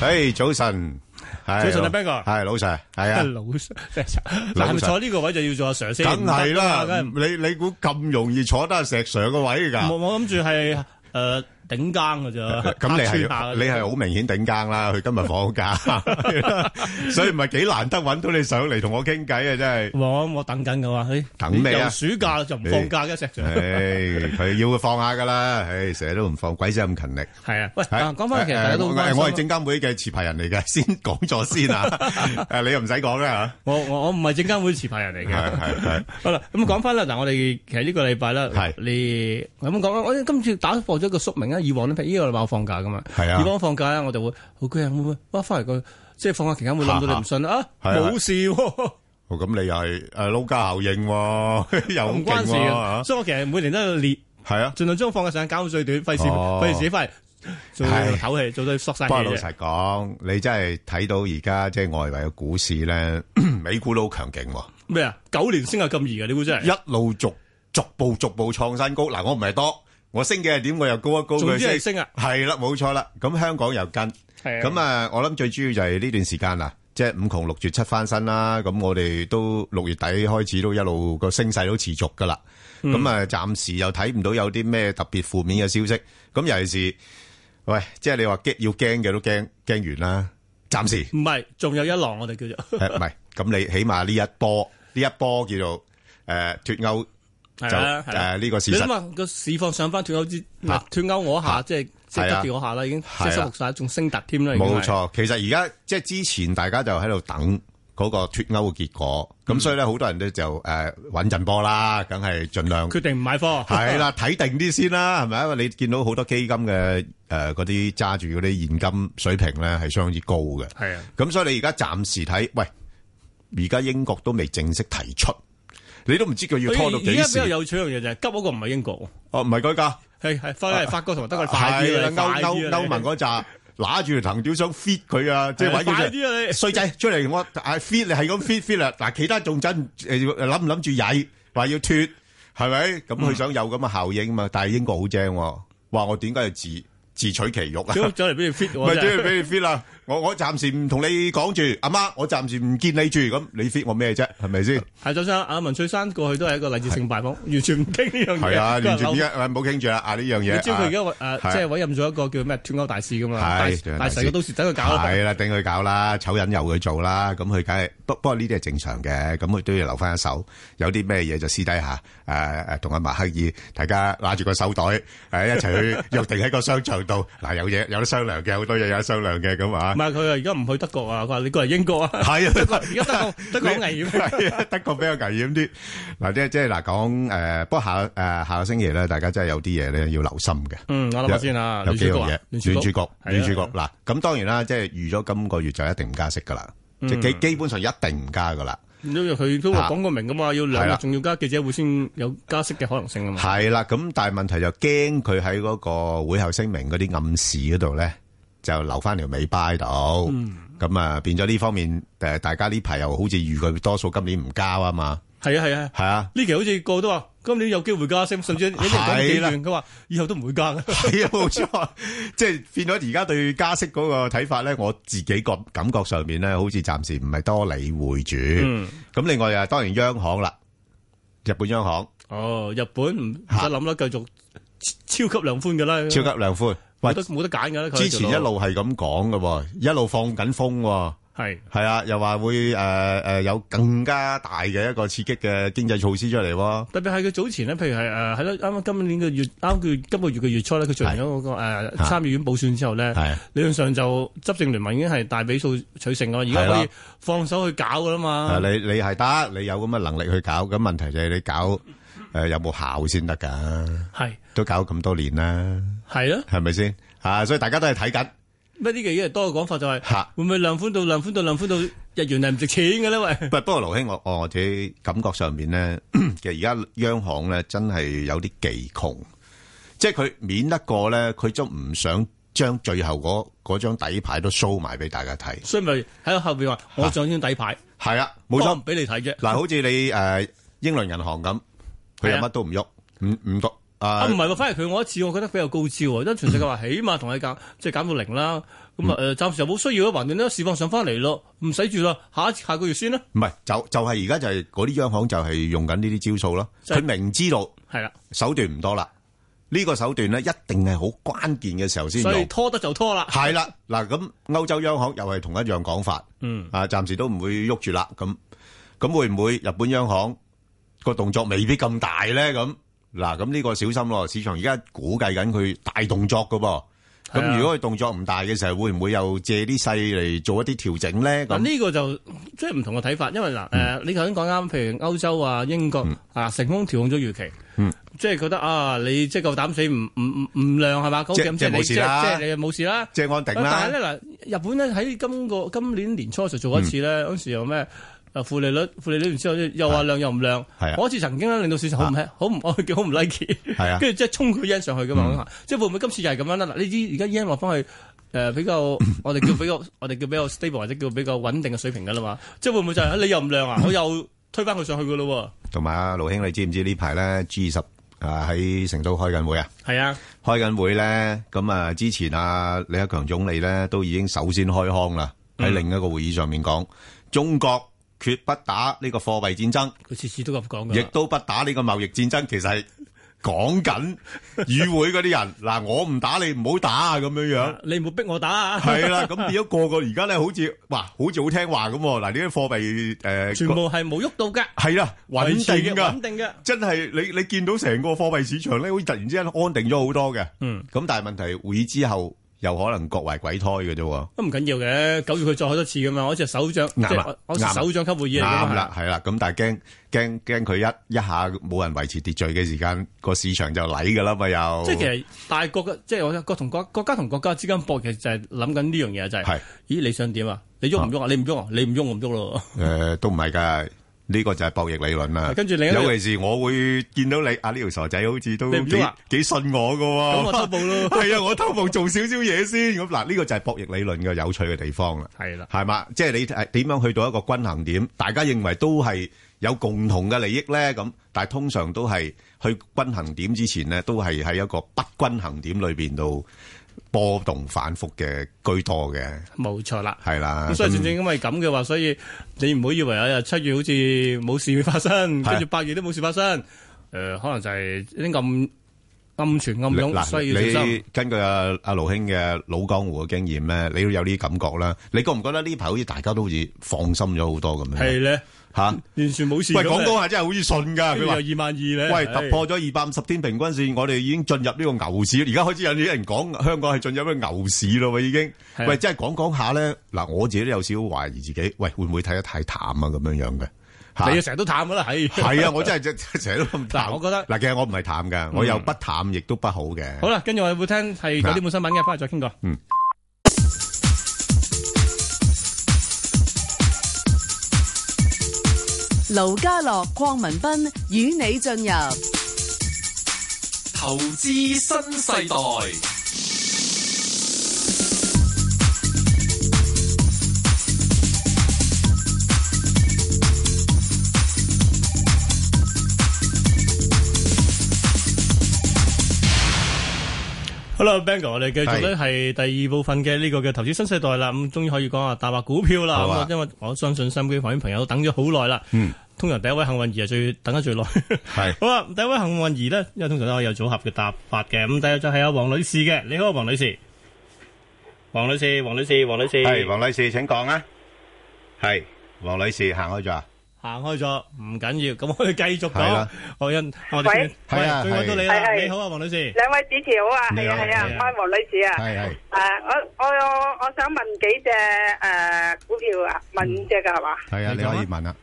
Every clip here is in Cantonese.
誒，hey, 早晨，早晨啊，Ben 哥係老 Sir，係啊，老 Sir，坐呢、啊、Sir 個位就要做阿 Sir 先，梗係啦，嗎你你估咁容易坐得阿石 Sir 個位噶？冇，我諗住係誒。呃頂更嘅啫，咁你係你係好明顯頂更啦。佢今日放假，所以唔係幾難得揾到你上嚟同我傾偈啊！真係，我我等緊嘅喎，等咩啊？暑假就唔放假嘅啫，誒，佢要佢放下嘅啦，誒，成日都唔放，鬼死咁勤力。係啊，喂，講翻其實都，我係證監會嘅持牌人嚟嘅，先講咗先啊。誒，你又唔使講啦嚇。我我我唔係證監會持牌人嚟嘅。係係係。好啦，咁講翻啦。嗱，我哋其實呢個禮拜啦，係你咁講啊，我今次打破咗個宿命啊！以往咧，呢個禮拜我放假噶嘛，以往放假咧，我就會好攰啊，會唔會我翻嚟個即係放假期間會諗到你唔信啊？冇事，哦咁你又係誒撈家效應喎，又唔關事。所以我其實每年都列係啊，盡量將放假時間搞到最短，費事費事翻嚟唞氣，做到縮晒。不過老實講，你真係睇到而家即係外圍嘅股市咧，美股都好強勁。咩啊？九年先得咁易嘅，你估真係一路逐逐步逐步創新高嗱，我唔係多。我升嘅係點？我又高一高佢升，係啦，冇錯啦。咁香港又跟，咁啊，我諗最主要就係呢段時間啦，即係五窮六絕七翻身啦。咁我哋都六月底開始都一路個升勢都持續噶啦。咁啊，暫時又睇唔到有啲咩特別負面嘅消息。咁尤其是，喂，即係你話驚要驚嘅都驚驚完啦。暫時唔係，仲有一浪我哋叫做，唔係。咁你起碼呢一波呢一波叫做誒脫歐。就誒，呢個事實。你諗下個市況上翻脱歐之嗱脱歐我下，即係即係得我下啦，已經消失冇晒，仲升達添啦。冇錯，其實而家即係之前大家就喺度等嗰個脱歐嘅結果，咁所以咧好多人都就誒穩陣波啦，梗係盡量決定唔買貨。係啦，睇定啲先啦，係咪？因為你見到好多基金嘅誒嗰啲揸住嗰啲現金水平咧係相當之高嘅。係啊，咁所以你而家暫時睇，喂，而家英國都未正式提出。你都唔知佢要拖到幾時？依家比較有趣一樣嘢就係急嗰個唔係英國哦，唔係佢㗎，係係法係法國同埋德國大歐歐盟嗰扎拉住條藤條想 fit 佢啊！即係話要。衰仔出嚟，我 fit 你係咁 fit fit 啊！嗱，其他仲真誒諗唔諗住曳，話要脫係咪？咁佢想有咁嘅效應啊嘛！但係英國好正，話我點解要指。自取其辱啊！咪走嚟俾你 fit 啊！我我暫時唔同你講住，阿媽，我暫時唔見你住，咁你 fit 我咩啫？係咪先？係，早晨啊，文翠珊過去都係一個禮節性拜訪，完全唔傾呢樣嘢。係啊，完全依家唔好傾住啦，啊呢樣嘢。你知佢而家誒，即係委任咗一個叫咩脫歐大使噶嘛係，但係成個到時等佢搞。係啦，等佢搞啦，醜人由佢做啦。咁佢梗係，不不過呢啲係正常嘅。咁佢都要留翻一手，有啲咩嘢就私底下誒誒，同阿默克爾大家拉住個手袋誒，一齊去約定喺個商場。嗱，有嘢有得商量嘅，好多嘢有得商量嘅咁啊！唔係佢啊，而家唔去德國啊，佢話你過嚟英國啊。係啊，而家德國德國好危險，德國比較危險啲。嗱，即係即係嗱，講誒，不過下誒下個星期咧，大家真係有啲嘢咧要留心嘅。嗯，我諗下先啦。有幾樣嘢，女主角、女主角、女主角。嗱，咁當然啦，即係預咗今個月就一定唔加息噶啦，即係基基本上一定唔加噶啦。佢都話講過明噶嘛，啊、要兩日仲要加記者會先有加息嘅可能性啊嘛。係啦、啊，咁但係問題就驚佢喺嗰個會後聲明嗰啲暗示嗰度咧，就留翻條尾巴喺度。咁、嗯、啊，變咗呢方面誒，大家呢排又好似預佢多數今年唔加啊嘛。係啊係啊係啊，呢期、啊啊啊、好似個個都話。今年有機會加息，甚至你都講幾遠，佢話以後都唔會加。係啊，冇錯，即係變咗而家對加息嗰個睇法咧，我自己個感覺上面咧，好似暫時唔係多理會住。咁另外又當然央行啦，日本央行。哦，日本唔得諗啦，繼續超級量寬嘅啦，超級量寬，冇得冇得揀嘅啦。之前一路係咁講嘅，一路放緊風。係係啊，又話會誒誒、呃呃、有更加大嘅一個刺激嘅經濟措施出嚟喎、啊。特別係佢早前咧，譬如係誒係咯，啱、呃、啱今年嘅月，啱佢今個月嘅月初咧、那個，佢做咗嗰個誒參議院補選之後咧，啊、理論上就執政聯盟已經係大比數取勝咯。而家可以放手去搞噶啦嘛。啊、你你係得，你有咁嘅能力去搞，咁問題就係你搞誒、呃、有冇效先得噶。係、啊、都搞咁多年啦。係咯、啊，係咪先吓？所以大家都係睇緊。乜啲嘅嘢多個講法就係，會唔會量寬到量寬到量寬到日元係唔值錢嘅咧？喂！唔不過劉兄，我我自己感覺上面咧，其實而家央行咧真係有啲技窮，即係佢免得過咧，佢就唔想將最後嗰張底牌都 show 埋俾大家睇，所以咪喺後邊話我上張底牌係啊，冇、啊、錯，唔俾你睇啫。嗱、呃，好似你誒英倫銀行咁，佢又乜都唔喐，五唔多。啊，唔係喎，反而佢我一次，我覺得比較高超啊，因為全世界話起碼同你減，即係減到零啦。咁啊，誒，暫時又冇需要咯，橫掂咧，釋放上翻嚟咯，唔使住啦，下下個月先啦。唔係，就就係而家就係嗰啲央行就係用緊呢啲招數咯。佢明知道係啦，手段唔多啦，呢個手段咧一定係好關鍵嘅時候先，所以，拖得就拖啦。係啦，嗱咁歐洲央行又係同一樣講法，嗯啊，暫時都唔會喐住啦。咁咁會唔會日本央行個動作未必咁大咧？咁？嗱，咁呢、啊這個小心咯，市場而家估計緊佢大動作嘅噃。咁、啊、如果佢動作唔大嘅時候，會唔會又借啲勢嚟做一啲調整咧？咁呢個就即係唔同嘅睇法，因為嗱，誒、嗯呃，你頭先講啱，譬如歐洲啊、英國、嗯、啊，成功調控咗預期，嗯、即係覺得啊，你即係夠膽死，唔唔唔唔量係嘛？高企咁借你，即係冇是事啦，即係安定啦。但係咧嗱，日本咧喺今個今年年初就做一次咧，嗰、嗯嗯、時有咩？啊，負利率，負利率，然之後又話量又唔量，好似曾經令到市場好唔 hea，好唔我叫好唔 like。係啊，跟住即係衝佢 yen 上去嘅嘛，即係會唔會今次又係咁樣啦？嗱，呢啲而家 yen 落翻去誒比較，我哋叫比較，我哋叫比較 stable 或者叫比較穩定嘅水平嘅啦嘛。即係會唔會就係你又唔量啊？我又推翻佢上去嘅咯喎。同埋啊，盧兄，你知唔知呢排咧 G 二十啊喺成都開緊會啊？係啊，開緊會咧。咁啊，之前啊李克強總理咧都已經首先開腔啦，喺另一個會議上面講中國。決不打呢個貨幣戰爭，佢次次都咁講嘅，亦都不打呢個貿易戰爭。其實係講緊議會嗰啲人，嗱我唔打你，唔好打啊咁樣樣，你唔好逼我打啊。係啦，咁變咗個個而家咧，好似哇，好似好聽話咁。嗱，呢啲貨幣誒，全部係冇喐到噶，係啦，穩定噶，穩定噶，真係你你見到成個貨幣市場咧，好似突然之間安定咗好多嘅。嗯，咁但係問題，會議之後。有可能各懷鬼胎嘅啫，都唔緊要嘅。九月佢再好多次噶嘛，我只首長，即係我首長級會議啱啦，係啦、嗯。咁、嗯嗯嗯、但係驚驚驚佢一一下冇人維持秩序嘅時間，個市場就嚟噶啦嘛。又即係其實大國即係我國同國國家同國、國家之間搏，其實就係諗緊呢樣嘢就係。係是咦？你想點啊？你喐唔喐啊？你唔喐，啊？你唔喐，我唔喐咯。誒，都唔係噶。呢個就係博弈理論啦。尤其是我會見到你啊，呢條傻仔好似都幾幾信我㗎喎。咁我偷步咯。係啊，我偷步做少少嘢先。咁嗱，呢個就係博弈理論嘅有趣嘅地方啦。係啦，係嘛？即係你點樣去到一個均衡點？大家認為都係有共同嘅利益咧。咁但係通常都係去均衡點之前咧，都係喺一個不均衡點裏邊度。波動反覆嘅居多嘅，冇錯啦，係啦。嗯、所以正正因為咁嘅話，所以你唔好以為啊，七月好似冇事會發生，跟住八月都冇事發生。誒、呃，可能就係已啲已經咁暗存暗湧，喊喊喊喊你所以要小心。你根據阿阿盧兄嘅老江湖嘅經驗咧，你都有呢啲感覺啦。你覺唔覺得呢排好似大家都好似放心咗好多咁樣？係咧。吓，啊、完全冇事。講講喂，講講下，真係好易信噶。佢話二萬二咧，喂，突破咗二百五十天平均線，我哋已經進入呢個牛市。而家開始有啲人講香港係進入咩牛市咯？已經，啊、喂，真係講講下咧。嗱，我自己都有少少懷疑自己，喂，會唔會睇得太淡啊？咁樣樣嘅，你啊成日都淡噶啦，係、啊。係啊，我真係成日都咁淡。我覺得嗱，其實我唔係淡噶，我又不淡亦都不好嘅、嗯。好啦，跟住我哋會聽係有啲冇新聞嘅，翻嚟、啊、再傾過。嗯盧家樂、鄺文斌與你進入投資新世代。Hello，Ben 哥，我哋繼續咧係第二部分嘅呢個嘅投資新世代啦。咁終於可以講下大話股票啦。因為我相信身邊旁邊朋友等咗好耐啦。嗯。通常第一位幸運兒係最等得最耐，係好啊！第一位幸運兒咧，因為通常都可以有組合嘅，答法嘅。咁第一就係阿黃女士嘅，你好啊，黃女士。黃女士，黃女士，黃女士，係黃女士，請講啊。係黃女士行開咗。行開咗，唔緊要，咁我哋繼續講。何欣，喂，係啊，見到你啦，你好啊，黃女士。兩位主持好啊，係啊，係啊，歡迎黃女士啊。係係，誒，我我我我想問幾隻誒股票啊？問五隻噶係嘛？係啊，你可以問啊。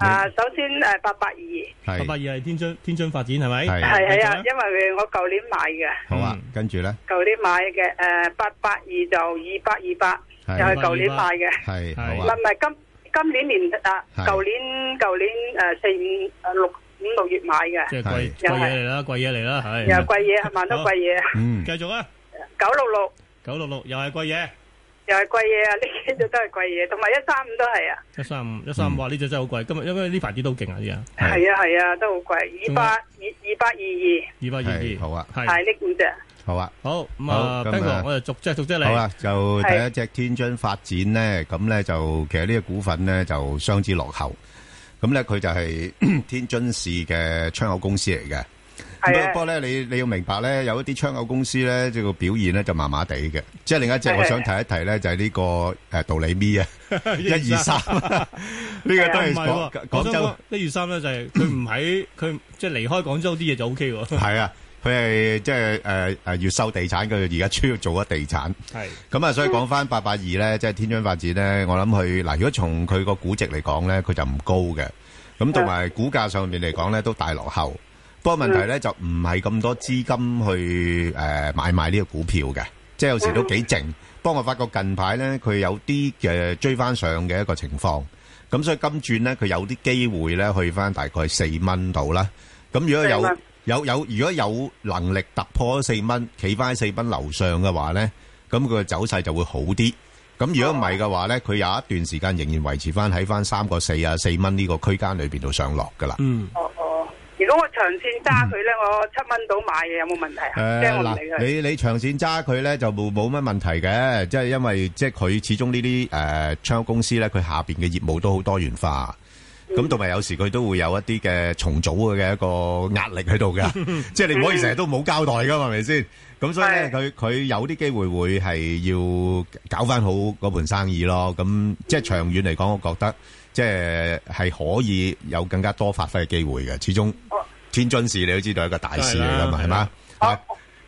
啊，首先誒，八八二，八八二係天津天津發展係咪？係係啊，因為我舊年買嘅。好啊，跟住咧，舊年買嘅誒，八八二就二百二百，又係舊年買嘅。係係，唔係今今年年啊，舊年舊年誒四五誒六五六月買嘅。即係貴貴嘢嚟啦，貴嘢嚟啦，係。又係貴嘢係萬多貴嘢。嗯，繼續啊，九六六，九六六又係貴嘢。又係貴嘢啊！呢隻都係貴嘢，同埋一三五都係啊！一三五一三五啊！呢隻真係好貴，今日因為呢排啲都好勁啊，呢隻係啊係啊，都好貴，二八二二八二二二八二二，好啊，係呢幾隻好啊好咁啊，今朝我哋逐隻逐隻嚟，好啦，就第一隻天津發展咧，咁咧就其實呢隻股份咧就相之落後，咁咧佢就係天津市嘅窗口公司嚟嘅。 不過咧，你你要明白咧，有一啲窗口公司咧，即、這個表現咧就麻麻地嘅。即係另一隻，我想提一提咧，就係呢個誒道理。咪啊，一二三，呢個都係講廣州一二三咧，就係佢唔喺佢即係離開廣州啲嘢就 O K 喎。係啊，佢係即係誒誒，越秀地產，佢而家主要做咗地產。係咁啊，所以講翻八八二咧，即係天津發展咧，我諗佢嗱，如果從佢個估值嚟講咧，佢就唔高嘅。咁同埋股價上面嚟講咧，都大落後。不過問題咧就唔係咁多資金去誒買賣呢個股票嘅，即係有時都幾靜。不過我發覺近排咧佢有啲嘅追翻上嘅一個情況，咁所以今轉咧佢有啲機會咧去翻大概四蚊度啦。咁如果有有有，如果有能力突破咗四蚊，企翻喺四蚊樓上嘅話咧，咁佢嘅走勢就會好啲。咁如果唔係嘅話咧，佢有一段時間仍然維持翻喺翻三個四啊四蚊呢個區間裏邊度上落噶啦。嗯。咁我長線揸佢咧，我七蚊到買嘢有冇問題啊？誒嗱，你你長線揸佢咧就冇冇乜問題嘅，即係因為即係佢始終呢啲誒，券商公司咧佢下邊嘅業務都好多元化，咁同埋有時佢都會有一啲嘅重組嘅一個壓力喺度㗎，即係你唔可以成日都冇交代㗎嘛？係咪先？咁所以咧，佢佢有啲機會會係要搞翻好嗰盤生意咯。咁即係長遠嚟講，我覺得。即係係可以有更加多發揮嘅機會嘅，始終前津市你都知道係一個大市嚟噶嘛，係嘛？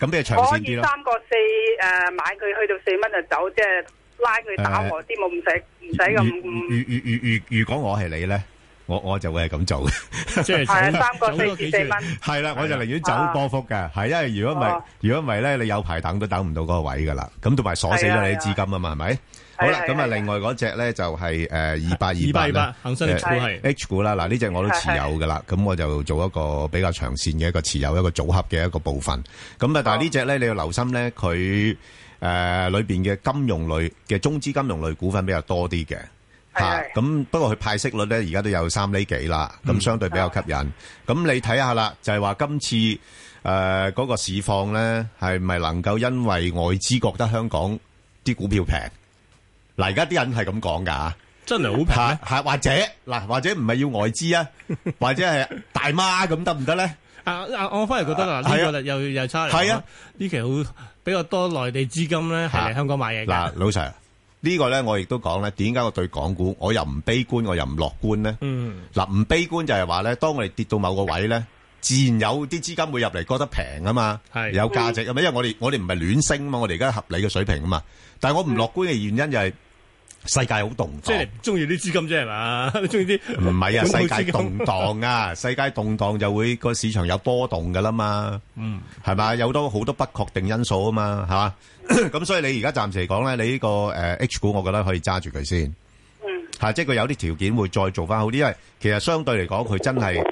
咁你長線三個四誒、呃，買佢去到四蚊就走，即係拉佢打和啲，冇唔使唔使咁。如如如如如果我係你咧，我我就會係咁做，即係走三個四至四蚊，係啦，我就寧願走波幅嘅，係因為如果唔係，如果唔係咧，你有排等都等唔到嗰個位噶啦，咁同埋鎖死咗你啲資金啊嘛，係咪的？好啦，咁啊，另外嗰隻咧就係誒二八二八恒生 H 股啦。嗱呢隻我都持有噶啦，咁我就做一個比較長線嘅一個持有，一個組合嘅一個部分。咁啊，但係呢隻咧你要留心咧，佢誒裏邊嘅金融類嘅中資金融類股份比較多啲嘅吓。咁不過佢派息率咧而家都有三厘幾啦，咁相對比較吸引。咁你睇下啦，就係話今次誒嗰個市況咧，係咪能夠因為外資覺得香港啲股票平？嗱，而家啲人係咁講噶吓，真係好平吓，或者嗱，或者唔係要外資啊，或者係、啊、 大媽咁得唔得咧？啊啊，我反而覺得嗱，啊、又、啊、又差嚟。係啊，呢期好比較多內地資金咧嚟香港買嘢。嗱、啊，老細，這個、呢個咧我亦都講咧，點解我對港股我又唔悲觀，我又唔樂觀咧？嗯，嗱，唔悲觀就係話咧，當我哋跌到某個位咧，自然有啲資金會入嚟，覺得平啊嘛，係是有價值啊嘛，因為我哋我哋唔係亂升嘛，我哋而家合理嘅水平啊嘛。但係我唔樂觀嘅原因就係世界好動蕩，即係你唔中意啲資金啫係嘛，你中意啲唔係啊，世界動蕩啊， 世界動蕩就會個市場有波動噶啦嘛，嗯，係嘛，有多好多不確定因素啊嘛，吓，咁 所以你而家暫時嚟講咧，你呢、這個誒、uh, H 股，我覺得可以揸住佢先，吓、嗯，即係佢有啲條件會再做翻好啲，因為其實相對嚟講，佢真係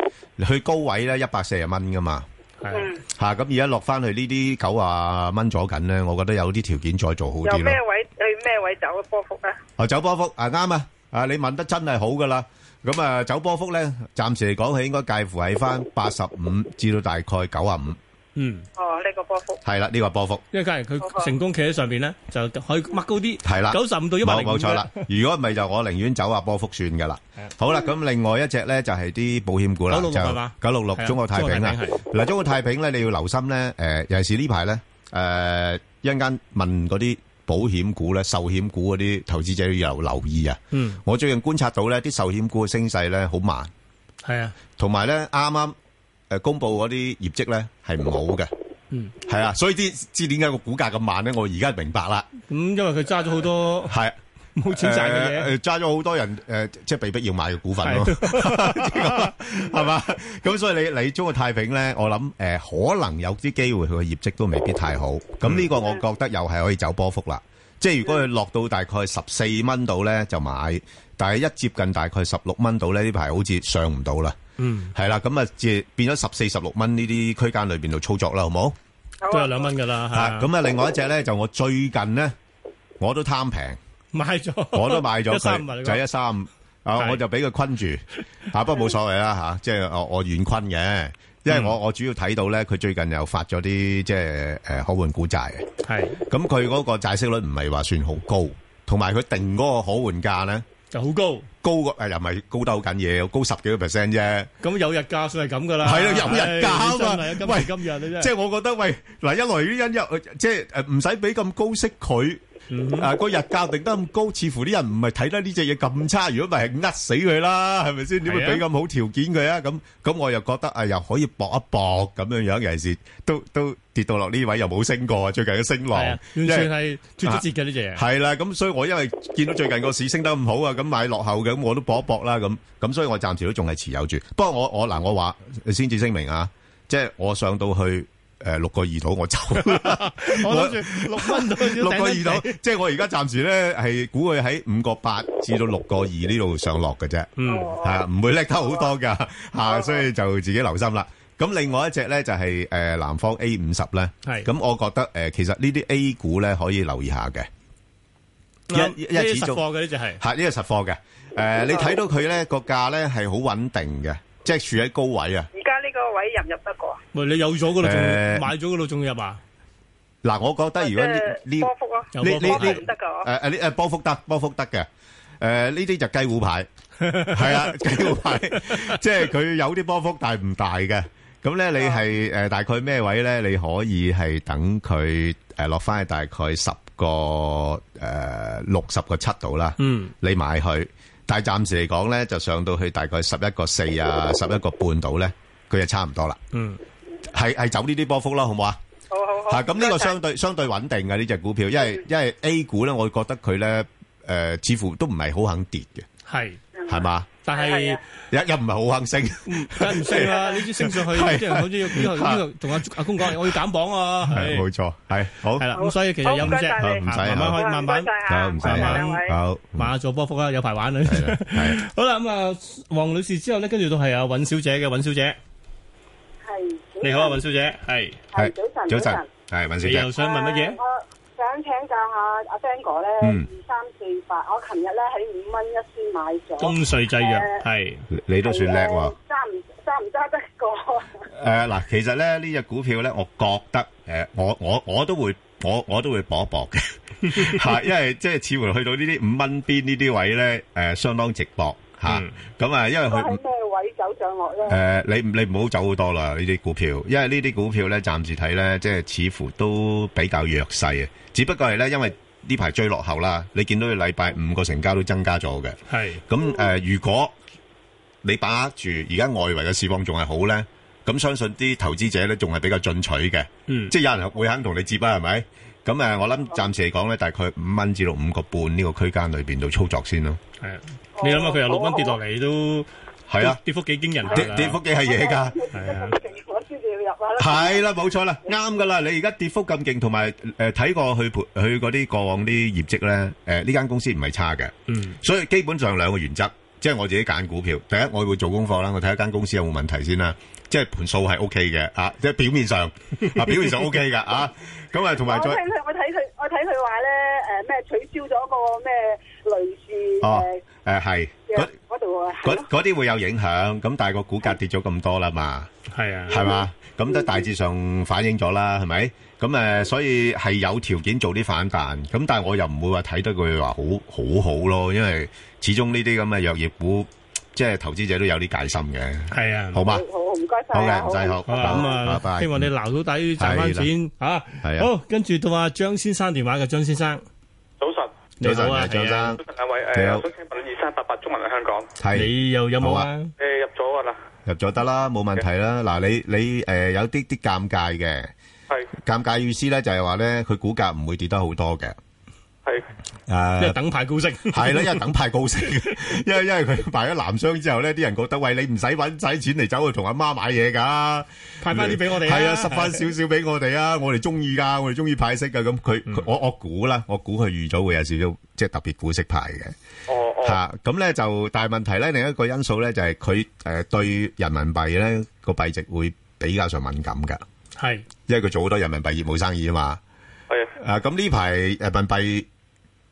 去高位咧一百四十蚊噶嘛。嗯，吓咁而家落翻去呢啲九啊蚊咗緊咧，我覺得有啲條件再做好啲咩位去咩位走嘅波幅咧、啊？哦、啊，走波幅啊啱啊！啊，你問得真係好噶啦。咁啊，走波幅咧，暫時嚟講係應該介乎喺翻八十五至到大概九啊五。嗯，哦，呢個波幅係啦，呢個波幅，因為既然佢成功企喺上邊咧，就可以擘高啲。係啦，九十五到一百，冇錯啦。如果唔係就我寧願走下波幅算噶啦。好啦，咁另外一隻咧就係啲保險股啦，就九六六中國太平啦。嗱，中國太平咧你要留心咧，誒，尤其是呢排咧，誒，一陣間問嗰啲保險股咧，壽險股嗰啲投資者要留留意啊。嗯，我最近觀察到咧，啲壽險股嘅升勢咧好慢。係啊，同埋咧啱啱。誒，公布嗰啲業績咧係唔好嘅。嗯，係啊，所以知知點解個股價咁慢咧？我而家明白啦。咁因為佢揸咗好多係冇錢賺嘅嘢，揸咗好多人誒，即係被逼要買嘅股份咯，係嘛？咁所以你你中嘅太平中國太平咧，我諗誒可能有啲機會佢嘅業績都未必太好。咁呢個我覺得又係可以走波幅啦。即係如果佢落到大概十四蚊度咧就買，但係一接近大概十六蚊度咧，呢排好似上唔到啦。嗯，係啦，咁啊，即係變咗十四十六蚊呢啲區間裏邊度操作啦，好冇？都有兩蚊噶啦，吓咁啊！另外一隻咧，就我最近咧，我都貪平，買咗了，我都買咗佢，就一三啊，我就俾佢困住吓、 啊，不過冇所謂啦吓，即係我我願困嘅，因為我、嗯、我主要睇到咧，佢最近又發咗啲即係誒可換股債嘅，係的，咁佢嗰個債息率唔係話算好高，同埋佢定嗰個可換價咧。就好高，高誒又唔係高得好緊要，高十幾個 percent 啫。咁有日價算係咁噶啦，係啦、啊、有日價嘛。哎、喂，今日即係我覺得，喂嗱一來呢因又即係誒唔使俾咁高息佢。啊！個日價定得咁高，似乎啲人唔係睇得呢隻嘢咁差。如果唔係呃死佢啦，係咪先？點會俾咁好條件佢啊？咁咁我又覺得啊，又可以搏一搏咁樣樣。尤其是都都跌到落呢位，又冇升過。最近嘅升浪完全係斷咗節嘅呢隻嘢。係啦，咁所以我因為見到最近個市升得咁好啊，咁買落後嘅，咁我都搏一搏啦。咁咁所以我暫時都仲係持有住。不過我我嗱，我話先至聲明啊，即係我上到去。誒，六個二度我走，我諗住六分到，六個二度，即係我而家暫時咧係估佢喺五個八至到六個二呢度上落嘅啫，嗯，係啊，唔會叻得好多噶吓，所以就自己留心啦。咁另外一隻咧就係誒南方 A 五十咧，係，咁我覺得誒其實呢啲 A 股咧可以留意下嘅，一一直貨嘅呢隻係，係呢個實貨嘅，誒你睇到佢咧個價咧係好穩定嘅。即係處喺高位啊！而家呢個位入唔入得過？唔係你有咗噶啦，仲買咗噶啦，仲入啊！嗱，我覺得如果呢波幅啊，呢呢唔得噶。誒誒，波幅得，波幅得嘅。誒，呢啲就雞糊牌，係啊，雞糊牌，即係佢有啲波幅，但係唔大嘅。咁咧，你係誒大概咩位咧？你可以係等佢誒落翻去大概十個誒六十個七度啦。嗯，你買去。但係暫時嚟講咧，就上到去大概十一個四啊，十一個半到咧，佢就差唔多啦。嗯，係係走呢啲波幅咯，好唔好，好，好，好啊？好，好，好。嚇，咁呢個相對謝謝相對穩定嘅呢隻股票，因為因為 A 股咧，我覺得佢咧誒，似乎都唔係好肯跌嘅。係是，係嘛吧？嗯但係又唔係好肯升，梗唔升啊！呢啲升上去即係我都要呢度呢度，同阿阿公講，我要減磅啊！係冇錯，係好係啦，咁所以其實有五隻，唔使慢慢開，慢慢，唔使啊，好馬做波幅啊，有排玩啦，係啦，係好啦，咁啊，黃女士之後咧，跟住都係阿尹小姐嘅尹小姐，係你好啊，尹小姐，係係早晨，早晨，係尹小姐，又想問乜嘢？請教下阿 Fang 哥咧，二三四八，我琴日咧喺五蚊一仙買咗，公稅制約，係你都是算叻喎，揸唔揸唔揸得過？誒嗱，其實咧呢隻、這個、股票咧，我覺得誒、呃，我我我都會，我我都會搏一搏嘅，係 因為即係似乎去到呢啲五蚊邊呢啲位咧，誒、呃、相當直搏吓，咁啊、嗯、因為佢。你走上落咧？誒，你你唔好走好多啦。呢啲股票，因為呢啲股票咧，暫時睇咧，即係似乎都比較弱勢啊。只不過係咧，因為呢排追落後啦。你見到佢禮拜五個成交都增加咗嘅，係咁誒。如果你把握住而家外圍嘅市況仲係好咧，咁相信啲投資者咧仲係比較進取嘅，嗯，即係有人會肯同你接啊，係咪？咁誒，我諗暫時嚟講咧，大概五蚊至到五個半呢個區間裏邊度操作先咯。係啊，你諗下，佢由六蚊跌落嚟都。係啦，跌幅幾驚人，跌跌幅幾係嘢噶，先至要入。係啦，冇錯啦，啱噶啦。你而家跌幅咁勁，同埋誒睇過去盤，佢嗰啲過往啲業績咧，誒呢間公司唔係差嘅。嗯。所以基本上兩個原則，即係我自己揀股票。第一，我會做功課啦，我睇一間公司有冇問題先啦。即係盤數係 OK 嘅啊，即係表面上啊，表面上 OK 噶啊。咁啊，同埋再我睇佢，我睇佢，我睇佢話咧誒咩取消咗個咩類似誒。誒係，嗰啲會有影響，咁但係個股價跌咗咁多啦嘛，係啊，係嘛，咁都大致上反映咗啦，係咪？咁誒，所以係有條件做啲反彈，咁但係我又唔會話睇得佢話好好好咯，因為始終呢啲咁嘅藥業股，即係投資者都有啲戒心嘅。係啊，好嘛，好唔該晒，好嘅，唔使學，咁啊，拜拜。希望你留到底賺翻錢吓。係啊。好，跟住到阿張先生電話嘅。張先生，早晨。早晨啊，張生，早晨位白中文嚟香港，你又有冇啊？誒，入咗啊啦，入咗得啦，冇問題啦。嗱，你你誒有啲啲尷尬嘅，係尷尬意思咧，就係話咧佢股價唔會跌得好多嘅，係誒，等派高息係咯，因為等派高息，因為因為佢排咗南商之後咧，啲人覺得喂，你唔使揾使錢嚟走去同阿媽買嘢噶，派翻啲俾我哋，係啊，塞翻少少俾我哋啊，我哋中意噶，我哋中意派息噶，咁佢佢我我估啦，我估佢預咗會有少少即係特別股息派嘅。吓，咁咧就，但係問題咧，另一個因素咧就係佢誒對人民幣咧個幣值會比較上敏感㗎。係，因為佢做好多人民幣業務生意啊嘛。係。誒，咁呢排人民幣，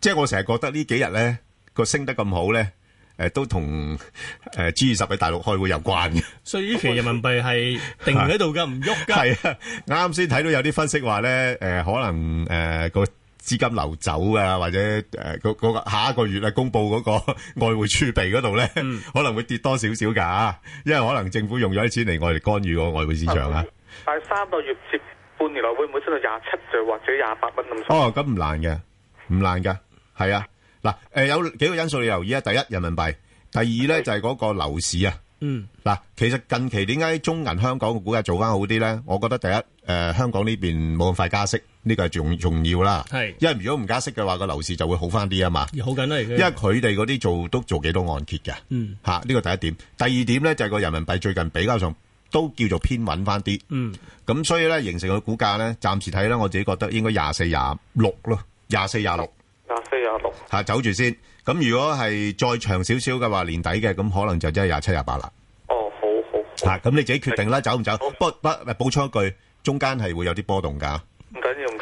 即係我成日覺得呢幾日咧個升得咁好咧，誒都同誒 G 二十喺大陸開會有關嘅。所以呢期人民幣係定喺度㗎，唔喐㗎。係啊，啱先睇到有啲分析話咧，誒可能誒個。資金流走啊，或者誒嗰嗰個下一個月啊，公布嗰個外匯儲備嗰度咧，可能會跌多少少㗎，因為可能政府用咗啲錢嚟我哋干預個外匯市場啦。但係三個月至半年內會唔會升到廿七，就或者廿八蚊咁？哦，咁唔難嘅，唔難嘅，係啊嗱誒，有幾個因素你留意啊？第一，人民幣；第二咧就係嗰個樓市啊。嗯，嗱，其實近期點解中銀香港嘅股價做翻好啲咧？我覺得第一誒，香港呢邊冇咁快加息。呢個係重重要啦，係因為如果唔加息嘅話，個樓市就會好翻啲啊嘛。好緊啦，因為佢哋嗰啲做都做幾多按揭嘅，嗯嚇，呢個第一點。第二點咧就係個人民幣最近比較上都叫做偏穩翻啲，嗯，咁所以咧形成個股價咧，暫時睇咧，我自己覺得應該廿四廿六咯，廿四廿六，廿四廿六，嚇走住先。咁如果係再長少少嘅話，年底嘅咁可能就真係廿七廿八啦。哦，好好嚇，咁你自己決定啦，是走唔走？好不不，補充一句，中間係會有啲波動㗎。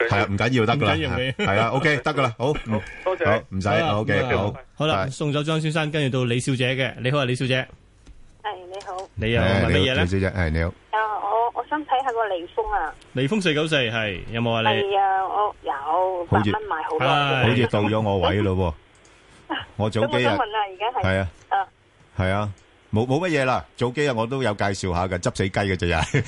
係啊，唔緊要得噶啦，係啊，OK，得噶啦，好，多謝，好唔使，OK，好，好啦，送咗張先生，跟住到李小姐嘅，你好啊，李小姐，係你好，你好，乜嘢咧？李小姐，係你好。啊，我我想睇下個利豐啊，利豐四九四係有冇啊？你係啊，我有百蚊買好多，好似到咗我位咯，我早機啊，係啊，啊，係啊。冇冇乜嘢啦，早幾日我都有介紹下嘅，執死雞嘅就係，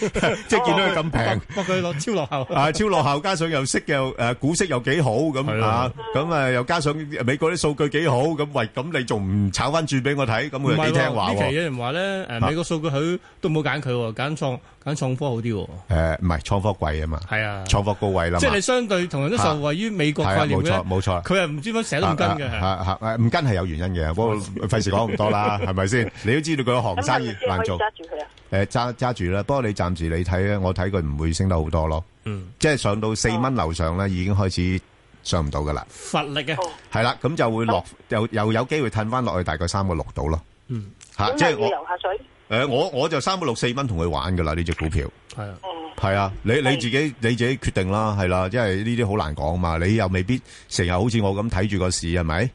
即係見到佢咁平，幫佢落超落後，啊超落後，加上又息又誒股息又幾好咁啊，咁啊又加上美國啲數據幾好，咁喂咁你仲唔炒翻轉俾我睇？咁我幾聽話喎。唔係，啲人有人話咧，誒美國數據好都冇揀佢喎，揀創。想創科好啲喎，唔係創科貴啊嘛，係啊，創科高位啦，即係你相對同樣都受惠於美國概念，冇錯冇錯，佢係唔知點解成日跟嘅，嚇嚇誒唔跟係有原因嘅，不過費事講咁多啦，係咪先？你都知道佢個行生意難做，揸住佢啊，誒揸揸住啦，不過你暫時你睇咧，我睇佢唔會升得好多咯，嗯，即係上到四蚊樓上咧，已經開始上唔到噶啦，乏力嘅，係啦，咁就會落又又有機會褪翻落去大概三個六度咯，嗯嚇，即係我。誒，我我就三百六四蚊同佢玩噶啦，呢隻股票係啊，係啊，你你自己你自己決定啦，係啦、啊，即係呢啲好難講嘛，你又未必成日好似我咁睇住個市係咪？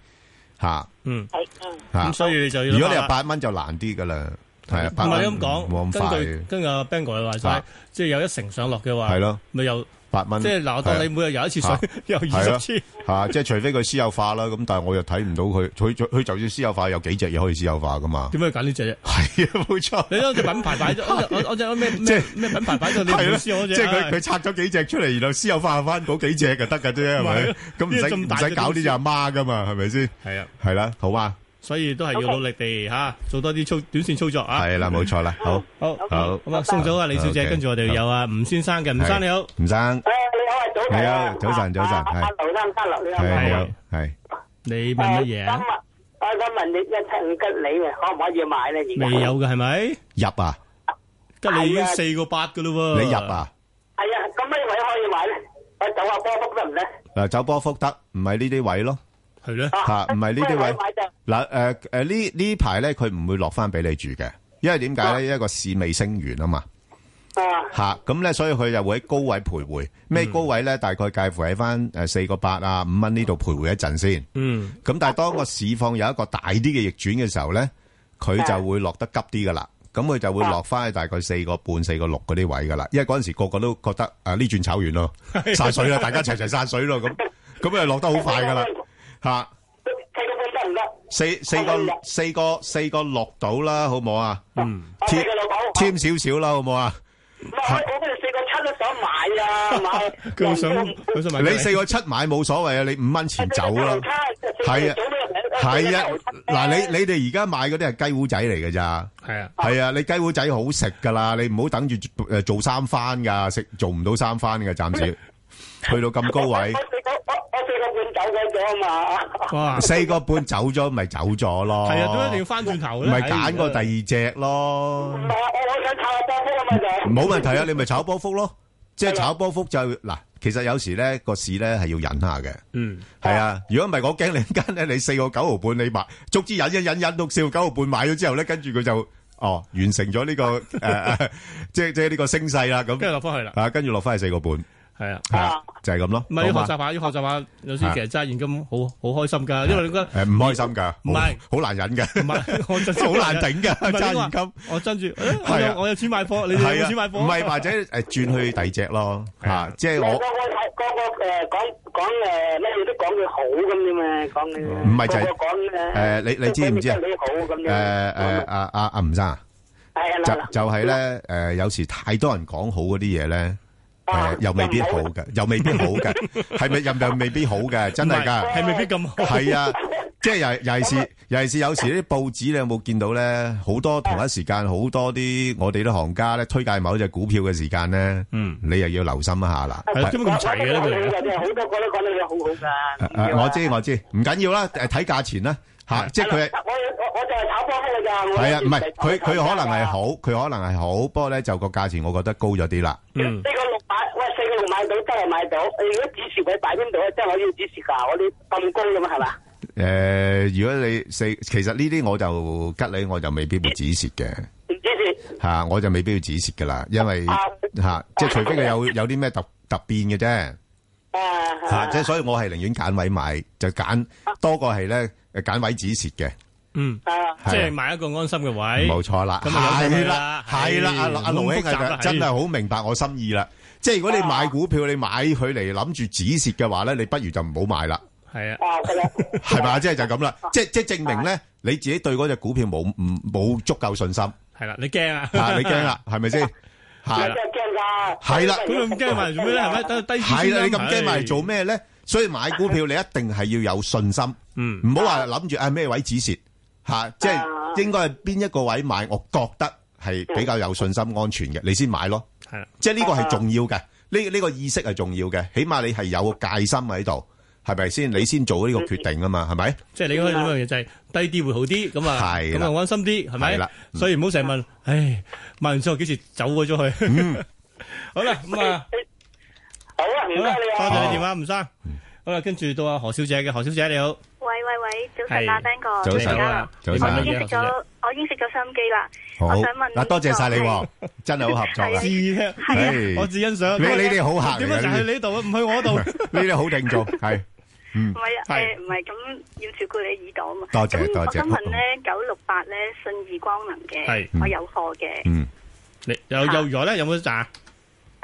吓，啊、嗯係，咁、啊、所以就要如果你八蚊就難啲噶啦，係啊，唔係咁講，冇咁快，跟阿 Ben 哥話晒，即係、啊、有一成上落嘅話，係咯、啊，咪又。八蚊，即係嗱，到你每日有一次水，有二十次，吓，即係除非佢私有化啦，咁但係我又睇唔到佢，佢就算私有化，有幾隻嘢可以私有化噶嘛？點解揀呢隻啫？係啊，冇錯，你將隻品牌擺咗，我我我隻咩咩品牌擺咗你公司，我隻即係佢佢拆咗幾隻出嚟，然後私有化翻嗰幾隻就得噶啫，係咪？咁唔使唔使搞呢隻阿媽噶嘛，係咪先？係啊，係啦，好嘛。所以都係要努力地吓，做多啲操短線操作啊！係啦，冇錯啦，好，好，好，咁啊，送咗阿李小姐，跟住，我哋有阿吳先生嘅，吳生你好，吳生，你好啊，早晨，早晨，早晨，早晨，阿劉生，hello，你好，你好，係，你問乜嘢啊？今日，啊，我問你一七五吉利可唔可以買咧？而家未有嘅係咪？入啊，吉利已經四個八噶咯喎，你入啊？係啊，咁咩位可以買咧？我走下波幅得唔得？嗱，走波幅得，唔係呢啲位咯，係咧吓，唔係呢啲位。嗱，誒誒呢呢排咧，佢唔會落翻俾你住嘅，因為點解咧？因為一個市未升完啊嘛，吓，咁咧，所以佢就會喺高位徘徊。咩高位咧？大概介乎喺翻誒四個八啊五蚊呢度徘徊一陣先。嗯，咁但係當個市況有一個大啲嘅逆轉嘅時候咧，佢就會落得急啲噶啦。咁佢就會落翻喺大概四個半四個六嗰啲位噶啦。因為嗰陣時個個都覺得誒呢轉炒完咯，散水啦，大家齊齊散水咯，咁咁啊落得好快噶啦吓。啊啊啊四四個四個四個六到啦，好唔好啊？嗯，添少少啦，好唔好啊？唔係我哋四個七都想買啊！買，佢想佢想買。你四個七買冇所謂啊！你五蚊錢走啦。係啊，係啊，嗱，你你哋而家買嗰啲係雞糊仔嚟噶咋？係啊，係啊，你雞糊仔好食噶啦，你唔好等住誒做三番噶，食做唔到三番噶，暫時去到咁高位。走咗啊嘛！哇，四個半走咗，咪走咗咯。係啊，都一定要翻轉頭。咪揀個第二隻咯。唔係啊，我我想炒波幅啊嘛就。冇問題啊，你咪炒波幅咯。即係炒波幅就嗱，其實有時咧個市咧係要忍下嘅。嗯，係啊。如果唔係我驚你間咧，你四個九毫半你買，足之忍一忍忍到四個九毫半買咗之後咧，跟住佢就哦完成咗呢個誒，即係即係呢個升勢啦。咁跟住落翻去啦。啊，跟住落翻去四個半。係啊，就係咁咯。唔係要學習下，要學習下。老師其實揸現金好好開心噶，因為你覺得誒唔開心噶，唔係好難忍嘅，唔係我真係好難頂嘅揸現金。我爭住，我有我有錢買貨，你冇錢買貨。唔係或者誒轉去第二隻咯，吓即係我。我我我講我誒講講誒乜嘢都講佢好咁啫嘛，講你。唔係就係誒，你你知唔知？你好咁樣。誒誒啊啊啊，吳生啊，就就係咧誒，有時太多人講好嗰啲嘢咧。誒，又未必好嘅，又未必好嘅，係咪又又未必好嘅？真係噶係未必咁好。係啊，即係尤其是，尤其是有時啲報紙你有冇見到咧？好多同一時間好多啲我哋啲行家咧推介某隻股票嘅時間咧，嗯，你又要留心一下啦。點解咁齊嘅咧？佢哋好多個都講得好好噶。我知我知，唔緊要啦，誒，睇價錢啦。吓，即係佢。我我我就係炒波開噶。係啊，唔係佢佢可能係好，佢可能係好，不過咧就個價錢我覺得高咗啲啦。嗯。四個六買，喂，四個六買到真係買到。誒，如果止蝕位擺邊度咧？即係我要止蝕噶，我啲咁高噶嘛，係嘛？誒，如果你四，其實呢啲我就吉你，我就未必會止蝕嘅。唔止蝕。吓，我就未必會止蝕噶啦，因為吓，即係除非佢有有啲咩突突變嘅啫。誒。吓，即係所以我係寧願揀位買，就揀多過係咧。誒，揀位止蝕嘅，嗯，係啊，即係買一個安心嘅位，冇錯啦，係啦係啦，阿阿龍兄係真係好明白我心意啦，即係如果你買股票，你買佢嚟諗住止蝕嘅話咧，你不如就唔好買啦，係啊，係啊，係嘛，即係就咁啦，即即證明咧你自己對嗰隻股票冇唔冇足夠信心，係啦，你驚啊，吓你驚啦，係咪先？係驚噶，係啦，咁又唔驚埋做咩咧？係咪等個低？係啦，你咁驚埋做咩咧？所以買股票你一定係要有信心，唔好話諗住啊咩位止蝕吓，即係應該係邊一個位買，我覺得係比較有信心、安全嘅，你先買咯。係啊，即係呢個係重要嘅，呢呢個意識係重要嘅，起碼你係有戒心喺度，係咪先？你先做呢個決定啊嘛，係咪？即係你開咗樣嘢就係低啲會好啲，咁啊咁啊安心啲，係咪？所以唔好成日問，唉，買完之後幾時走咗去？好啦，咁啊。好啊，唔該你啊，多謝你電話，吳生，好啦，跟住到阿何小姐嘅，何小姐你好，喂喂喂，早晨啊，丁哥，早安啦，我已經食咗，我已經食咗收音機啦，好，我想問，嗱，多謝晒你，真係好合作啊，係啊，我只欣賞，你你哋好客，點解嚟你度唔去我度？你哋好正宗，係，唔係，誒，唔係，咁要照顧你耳朵啊嘛，多謝多謝，我今日咧九六八咧信義光能嘅，係，我有貨嘅，嗯，你有有餘咧有冇揸？誒，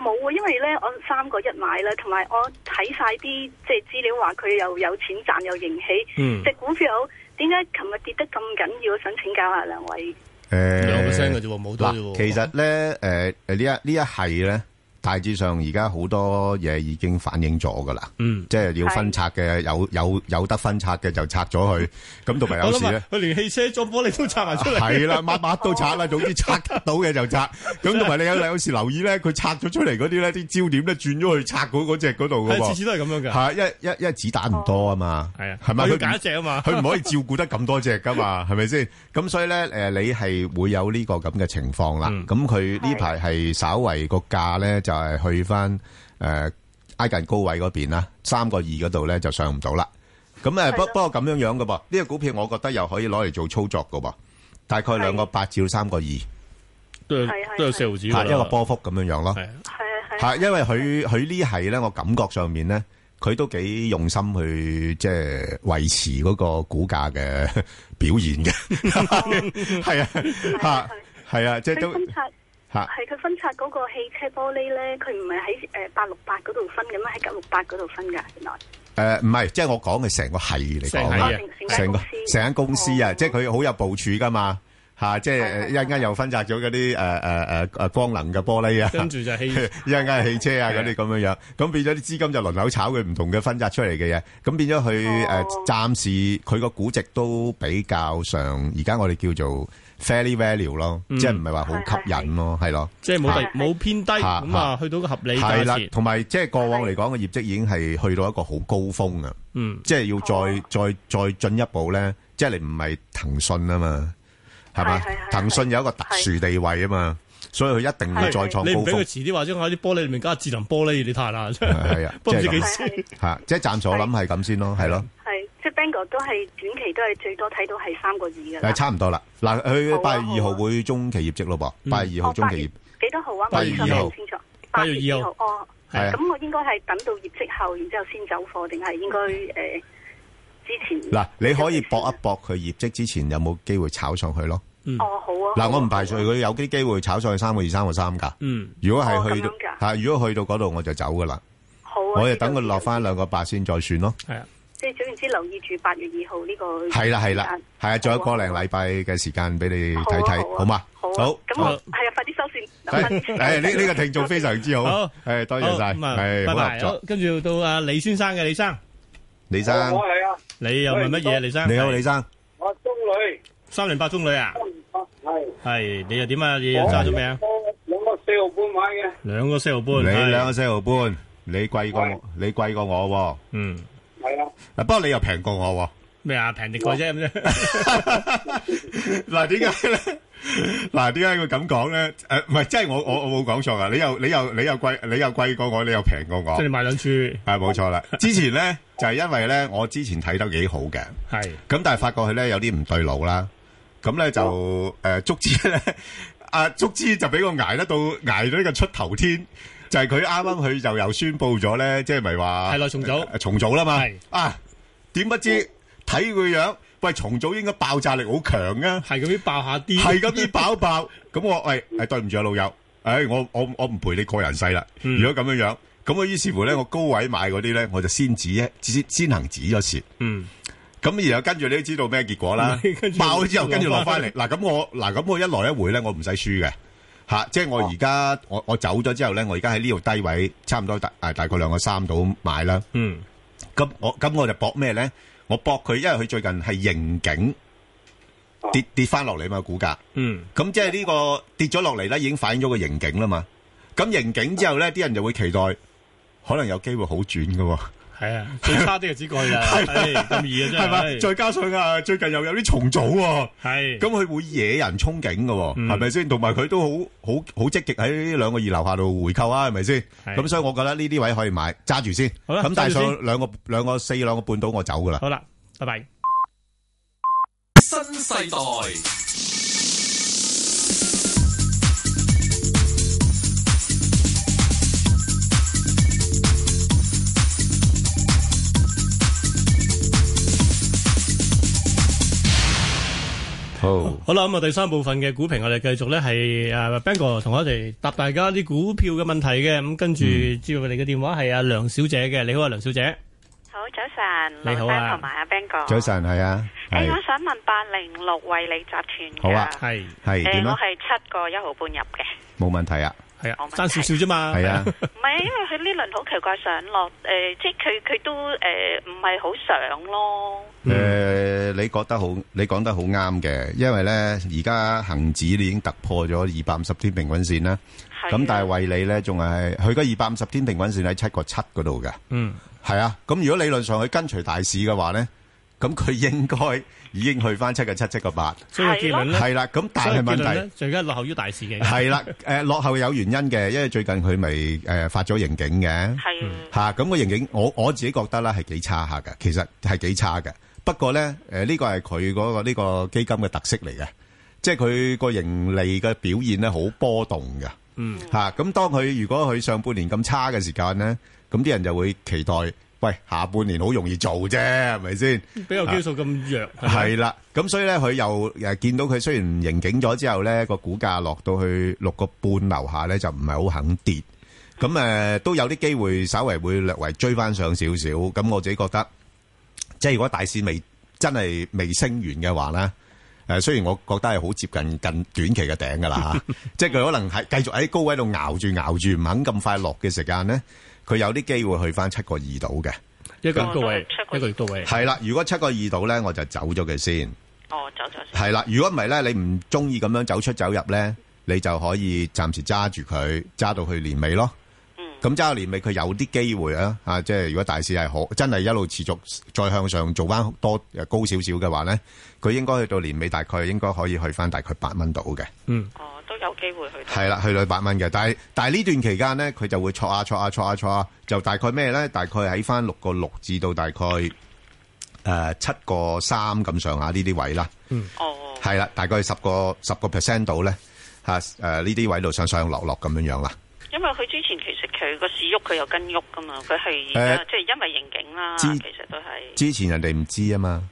冇啊、呃，因為咧我三個一買啦，同埋我睇晒啲即係資料話佢又有錢賺又盈起，嗯、隻股票點解琴日跌得咁緊要？想請教下兩位。誒、呃，兩 percent 嘅啫，冇多。其實咧，誒誒呢一呢一係咧。大致上，而家好多嘢已經反映咗㗎啦。嗯，即係要分拆嘅，有有有得分拆嘅就拆咗佢。咁同埋有時咧，佢連汽車裝玻璃都拆埋出嚟。係啦、啊，抹抹都拆啦， 總之拆得到嘅就拆。咁同埋你有有時留意咧，佢拆咗出嚟嗰啲咧，啲焦點咧轉咗去拆嗰嗰隻嗰度㗎。次次都係咁樣㗎。係、啊、一一一,一子彈唔多啊嘛。係啊、哦，係咪？佢揀一隻啊嘛，佢唔可以照顧得咁多隻㗎嘛，係咪先？咁所以咧，誒，你係會有呢個咁嘅情況啦。咁佢、嗯、呢排係稍為個價咧就。係去翻誒、呃、挨近高位嗰邊啦，三個二嗰度咧就上唔到啦。咁誒，不不，不過咁樣樣噶噃，呢、這個股票我覺得又可以攞嚟做操作噶噃。大概兩個八至三個二，都都有四毫子。吓一個波幅咁樣樣咯。係啊係吓，因為佢佢呢係咧，我感覺上面咧，佢都幾用心去即係維持嗰個股價嘅表現嘅。係啊吓係啊，即係的的、就是、都。吓，係佢分拆嗰個汽車玻璃咧，佢唔係喺誒八六八嗰度分咁啊，喺九六八嗰度分噶。原來誒，唔係，即係我講嘅成個係嚟講啊，成個成間公司啊，即係佢好有部署噶嘛。吓，即係一陣間又分拆咗嗰啲誒誒誒誒光能嘅玻璃啊，跟住就汽一陣間係汽車啊嗰啲咁樣樣，咁變咗啲資金就輪流炒佢唔同嘅分拆出嚟嘅嘢，咁變咗佢誒暫時佢個估值都比較上，而家我哋叫做。Fairly valuable 咯，即係唔係話好吸引咯，係咯，即係冇冇偏低咁啊，去到個合理價錢，同埋即係過往嚟講嘅業績已經係去到一個好高峰啊，即係要再再再進一步咧，即係你唔係騰訊啊嘛，係嘛，騰訊有一個特殊地位啊嘛，所以佢一定要再創高峰。佢遲啲或者我喺啲玻璃裏面加智能玻璃，你睇下，係啊，吓，即係暫時我諗係咁先咯，係咯。即係 Bengal 都係短期都係最多睇到係三個二嘅，係差唔多啦。嗱，佢八月二號會中期業績咯噃，八月二號中期業幾多號啊？八月二號，八月二號哦。咁我應該係等到業績後，然之後先走貨，定係應該誒之前？嗱，你可以搏一搏佢業績之前有冇機會炒上去咯。哦好啊。嗱，我唔排除佢有啲機會炒上去三個二、三個三噶。嗯，如果係去到吓，如果去到嗰度我就走噶啦。好，啊。我就等佢落返兩個八先再算咯。係啊。你總之留意住八月二號呢個係啦係啦係啊，仲有個零禮拜嘅時間俾你睇睇，好嘛？好，咁我係啊，快啲收線。係呢呢個聽眾非常之好，好，係多謝晒，係不客氣。跟住到阿李先生嘅李生，李生，我係啊，你又問乜嘢啊？李生，你好，李生，我中旅三零八中旅啊，係係，你又點啊？你又揸咗咩啊？兩個四號半買嘅，兩個四號半，你兩個四號半，你貴過你貴過我，嗯。係啊，嗱，不過你又平過我喎。咩啊？平啲、啊、過啫，咁啫、 啊。嗱，點解咧？嗱，點解會咁講咧？誒，唔係，即係我我我冇講錯噶。你又你又你又貴，你又貴過我，你又平過我。即係你買兩注。係、 啊，冇錯啦。之前咧就係、是、因為咧，我之前睇得幾好嘅，係是。咁但係發覺佢咧有啲唔對路啦。咁咧就誒，足之咧，啊，足之就俾我挨得到，挨到呢個出頭天。.就係佢啱啱去就又宣布咗咧，即係咪話係啦重組，呃、重組啦嘛。是啊，點不知睇佢樣，喂，重組應該爆炸力好強啊。係咁啲爆一下啲，係咁啲爆爆。咁 我喂，誒、欸、對唔住啊老友，誒、欸、我我我唔陪你個人世啦。嗯、如果咁樣樣，咁我於是乎咧，我高位買嗰啲咧，我就先止先行止咗蝕。嗯。咁然後跟住你都知道咩結果啦。爆咗之後跟住落翻嚟，嗱咁我嗱咁我，我，我一來一回咧，我唔使輸嘅。吓、啊，即係我而家我我走咗之後咧，我而家喺呢度低位，差唔多大誒，大概兩個三度買啦。嗯，咁、啊、我咁我就搏咩咧？我搏佢，因為佢最近係盈警跌跌返落嚟啊嘛，股價。嗯，咁、啊、即係、這個、呢個跌咗落嚟咧，已經反映咗個盈警啦嘛。咁、啊、盈警之後咧，啲人就會期待可能有機會好轉噶、哦。係啊，最差啲就係過去啊，咁、哎、易啊，係咪？哎、再加上啊，最近又有啲重組、啊，係咁佢會惹人憧憬嘅，係咪先？同埋佢都好好好積極喺兩個二樓下度回購啊，係咪先？咁是所以我覺得呢啲位可以買揸住先，咁帶上兩個兩個四兩個半島，我走噶啦。好啦，拜拜。新世代。好，好啦咁啊，第三部分嘅股評我哋繼續咧，係阿 Ben 哥同我哋答大家啲股票嘅問題嘅。咁跟住接住嚟嘅電話係阿梁小姐嘅，你好啊，梁小姐。好早晨，你好啊，同埋阿 Ben 哥。早晨係啊，誒，我想問八零六惠理集團嘅，係係點咧？我係七個一毫半入嘅，冇問題啊。爭少少啫嘛，係啊。唔係啊，因為佢呢輪好奇怪上落，誒，即係佢佢都誒唔係好上咯。誒，你覺得好？你講得好啱嘅，因為咧而家恒指已經突破咗二百五十天平均線啦。咁但係為你咧仲係去咗二百五十天平均線喺七個七嗰度嘅。嗯，係啊。咁如果理論上去跟隨大市嘅話咧，咁佢應該。已經去翻七個七七個八，所以個結論咧係啦。咁但係問題，最緊要落後於大市嘅係啦。誒，落後有原因嘅，因為最近佢咪誒發咗盈警嘅，係啊。嚇咁個盈警，我我自己覺得咧係幾差下㗎，其實係幾差㗎。不過咧，誒呢個係佢嗰個呢個基金嘅特色嚟嘅，即係佢個盈利嘅表現咧好波動嘅。嗯，嚇咁當佢如果佢上半年咁差嘅時間咧，咁啲人就會期待。喂，下半年好容易做啫，係咪先？比較基數咁弱，係啦。咁所以咧，佢又誒見到佢雖然盈警咗之後咧，個股價落到去六個半樓下咧，就唔係好肯跌。咁誒都有啲機會，稍微會略為追翻上少少。咁我自己覺得，即係如果大市未真係未升完嘅話咧，誒雖然我覺得係好接近近短期嘅頂㗎喇，即係佢可能係繼續喺高位度熬住熬住，唔肯咁快落嘅時間咧。佢有啲機會去翻七個二到嘅一個月高位，嗯、一個月高位係啦。如果七個二到咧，我就走咗佢先。哦，走咗先。係啦，如果唔係咧，你唔中意咁樣走出走入咧，你就可以暫時揸住佢，揸到去年尾咯。嗯。咁揸到年尾，佢有啲機會啊！啊，即係如果大市係好，真係一路持續再向上做翻多誒高少少嘅話咧，佢應該去到年尾大概應該可以去翻大概八蚊到嘅。嗯。都有機會去，係啦，去到八蚊嘅，但係但係呢段期間咧，佢就會挫下、挫下、挫下、挫下，就大概咩咧？大概喺翻六個六至到大概誒七個三咁上下呢啲位啦。嗯，哦，係啦，大概十個十個 percent 度咧嚇誒呢啲位度上上落落咁樣樣啦。因為佢之前其實佢個市喐，佢有跟喐噶嘛，佢係即係因為刑警啦，其實都係之前人哋唔知啊嘛。